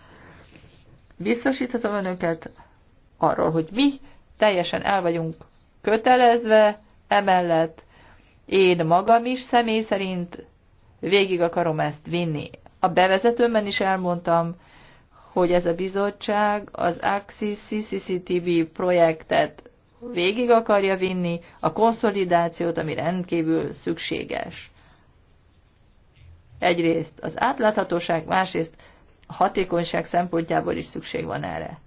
Biztosíthatom önöket arról, hogy mi teljesen el vagyunk kötelezve emellett én magam is személy szerint végig akarom ezt vinni. A bevezetőmben is elmondtam, hogy ez a bizottság az Axis CCCTV projektet végig akarja vinni, a konszolidációt, ami rendkívül szükséges. Egyrészt az átláthatóság, másrészt a hatékonyság szempontjából is szükség van erre.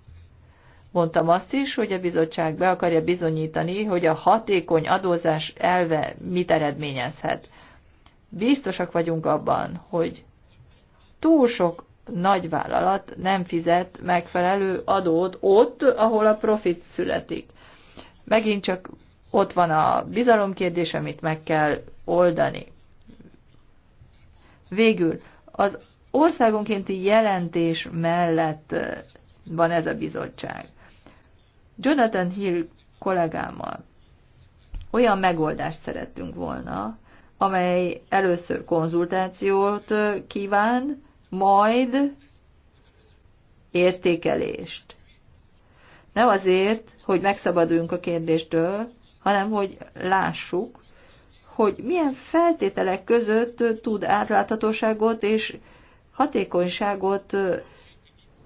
Mondtam azt is, hogy a bizottság be akarja bizonyítani, hogy a hatékony adózás elve mit eredményezhet. Biztosak vagyunk abban, hogy túl sok nagyvállalat nem fizet megfelelő adót ott, ahol a profit születik. Megint csak ott van a bizalomkérdés, amit meg kell oldani. Végül, az országonkénti jelentés mellett eh, van ez a bizottság. Jonathan Hill kollégámmal olyan megoldást szerettünk volna, amely először konzultációt kíván, majd értékelést. Nem azért, hogy megszabaduljunk a kérdéstől, hanem hogy lássuk, hogy milyen feltételek között tud átláthatóságot és hatékonyságot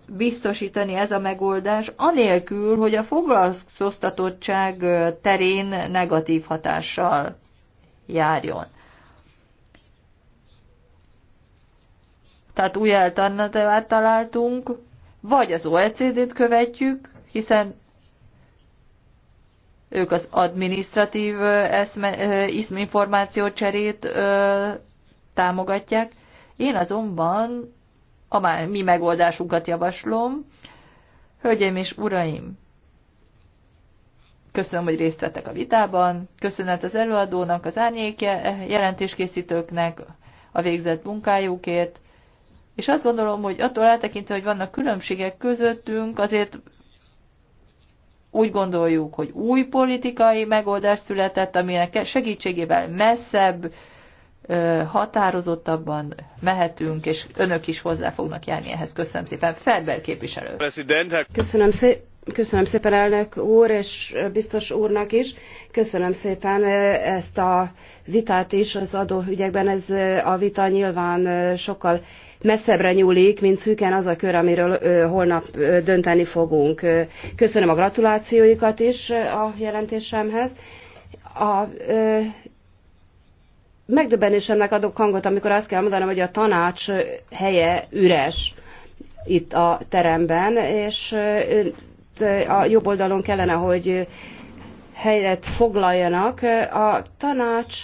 biztosítani ez a megoldás, anélkül, hogy a foglalkoztatottság terén negatív hatással járjon. Tehát új alternatívát találtunk, vagy az OECD-t követjük, hiszen ők az administratív információcserét támogatják. Én azonban a már mi megoldásunkat javaslom. Hölgyeim és uraim, köszönöm, hogy részt vettek a vitában, köszönet az előadónak, az árnyék jelentéskészítőknek a végzett munkájukért, és azt gondolom, hogy attól eltekintve, hogy vannak különbségek közöttünk, azért úgy gondoljuk, hogy új politikai megoldás született, aminek segítségével messzebb, határozottabban mehetünk, és önök is hozzá fognak járni ehhez. Köszönöm szépen. Ferber képviselő. Hát- köszönöm szépen. Köszönöm szépen elnök úr, és biztos úrnak is. Köszönöm szépen ezt a vitát is az adóügyekben. Ez a vita nyilván sokkal messzebbre nyúlik, mint szűken az a kör, amiről holnap dönteni fogunk. Köszönöm a gratulációikat is a jelentésemhez. A megdöbbenésemnek adok hangot, amikor azt kell mondanom, hogy a tanács helye üres itt a teremben, és a jobb oldalon kellene, hogy helyet foglaljanak. A tanács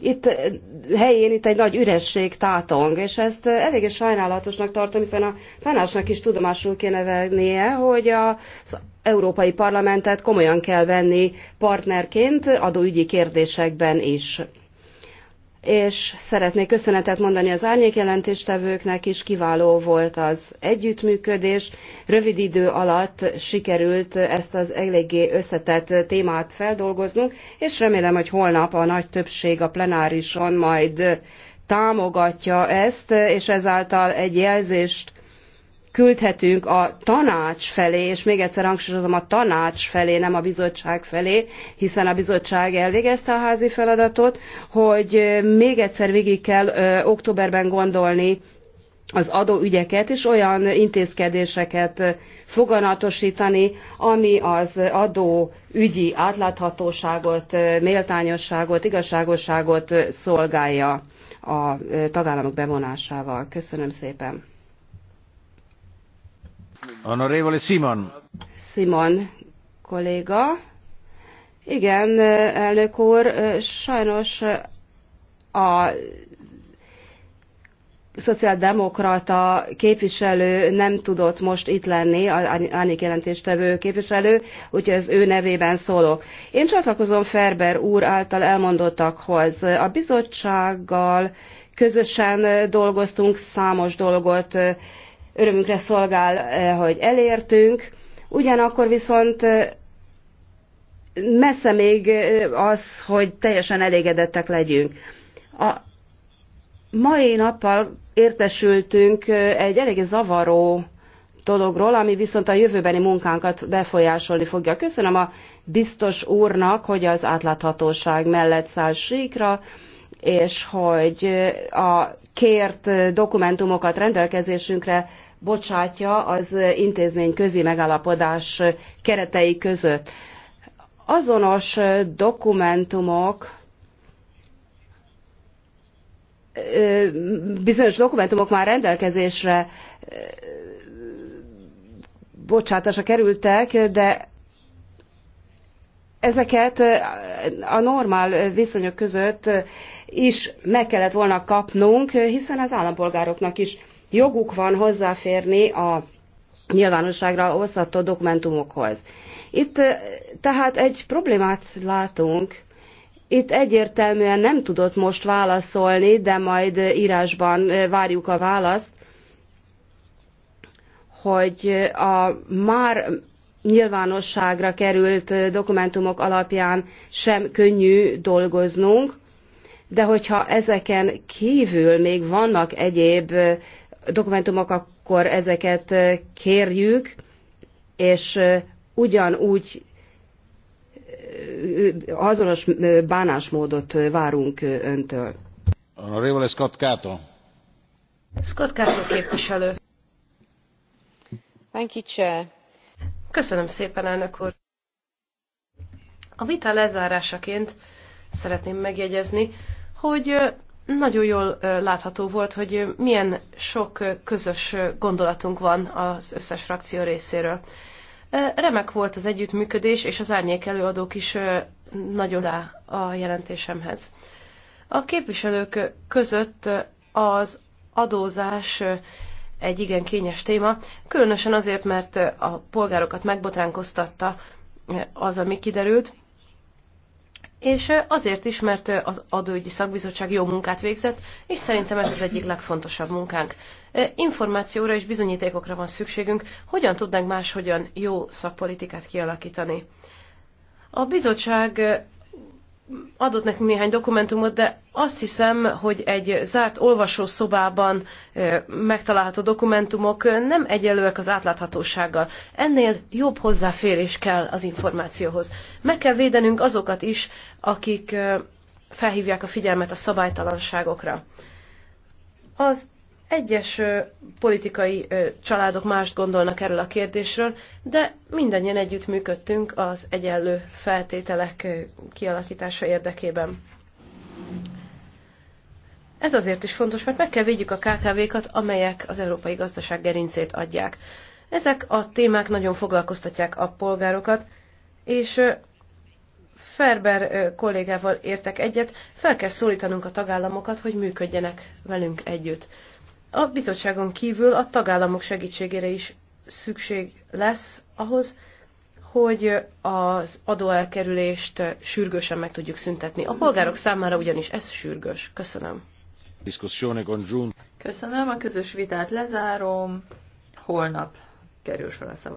itt helyén itt egy nagy üresség tátong, és ezt eléggé sajnálatosnak tartom, hiszen a tanácsnak is tudomásul kéne vennie, hogy az Európai Parlamentet komolyan kell venni partnerként adóügyi kérdésekben is és szeretnék köszönetet mondani az árnyékjelentéstevőknek is, kiváló volt az együttműködés. Rövid idő alatt sikerült ezt az eléggé összetett témát feldolgoznunk, és remélem, hogy holnap a nagy többség a plenárison majd támogatja ezt, és ezáltal egy jelzést küldhetünk a tanács felé, és még egyszer hangsúlyozom a tanács felé, nem a bizottság felé, hiszen a bizottság elvégezte a házi feladatot, hogy még egyszer végig kell ö, októberben gondolni az adóügyeket, és olyan intézkedéseket foganatosítani, ami az adóügyi átláthatóságot, méltányosságot, igazságosságot szolgálja a tagállamok bevonásával. Köszönöm szépen! Simon. Simon kolléga. Igen, elnök úr, sajnos a szociáldemokrata képviselő nem tudott most itt lenni, árnyék jelentéstevő képviselő, úgyhogy az ő nevében szólok. Én csatlakozom Ferber úr által elmondottakhoz. A bizottsággal közösen dolgoztunk, számos dolgot örömünkre szolgál, eh, hogy elértünk. Ugyanakkor viszont eh, messze még eh, az, hogy teljesen elégedettek legyünk. A mai nappal értesültünk egy elég zavaró dologról, ami viszont a jövőbeni munkánkat befolyásolni fogja. Köszönöm a biztos úrnak, hogy az átláthatóság mellett száll síkra, és hogy a kért dokumentumokat rendelkezésünkre bocsátja az intézmény közi megállapodás keretei között. Azonos dokumentumok, bizonyos dokumentumok már rendelkezésre bocsátása kerültek, de ezeket a normál viszonyok között is meg kellett volna kapnunk, hiszen az állampolgároknak is joguk van hozzáférni a nyilvánosságra hozható dokumentumokhoz. Itt tehát egy problémát látunk, itt egyértelműen nem tudott most válaszolni, de majd írásban várjuk a választ, hogy a már nyilvánosságra került dokumentumok alapján sem könnyű dolgoznunk, de hogyha ezeken kívül még vannak egyéb dokumentumok, akkor ezeket kérjük, és ugyanúgy azonos bánásmódot várunk öntől. Honorable Scott Cato. Scott Cato képviselő. Thank you, Chair. Köszönöm szépen, elnök úr. A vita lezárásaként szeretném megjegyezni, hogy nagyon jól látható volt, hogy milyen sok közös gondolatunk van az összes frakció részéről. Remek volt az együttműködés, és az árnyék előadók is nagyon rá a jelentésemhez. A képviselők között az adózás egy igen kényes téma, különösen azért, mert a polgárokat megbotránkoztatta az, ami kiderült, és azért is, mert az adóügyi szakbizottság jó munkát végzett, és szerintem ez az egyik legfontosabb munkánk. Információra és bizonyítékokra van szükségünk, hogyan tudnánk máshogyan jó szakpolitikát kialakítani. A bizottság adott nekünk néhány dokumentumot, de azt hiszem, hogy egy zárt olvasószobában megtalálható dokumentumok nem egyenlőek az átláthatósággal. Ennél jobb hozzáférés kell az információhoz. Meg kell védenünk azokat is, akik felhívják a figyelmet a szabálytalanságokra. Az egyes politikai családok mást gondolnak erről a kérdésről, de mindannyian együtt működtünk az egyenlő feltételek kialakítása érdekében. Ez azért is fontos, mert meg kell védjük a KKV-kat, amelyek az európai gazdaság gerincét adják. Ezek a témák nagyon foglalkoztatják a polgárokat, és Ferber kollégával értek egyet, fel kell szólítanunk a tagállamokat, hogy működjenek velünk együtt. A bizottságon kívül a tagállamok segítségére is szükség lesz ahhoz, hogy az adóelkerülést sürgősen meg tudjuk szüntetni. A polgárok számára ugyanis ez sürgős. Köszönöm. Köszönöm, a közös vitát lezárom. Holnap kerül sor a szavazásra.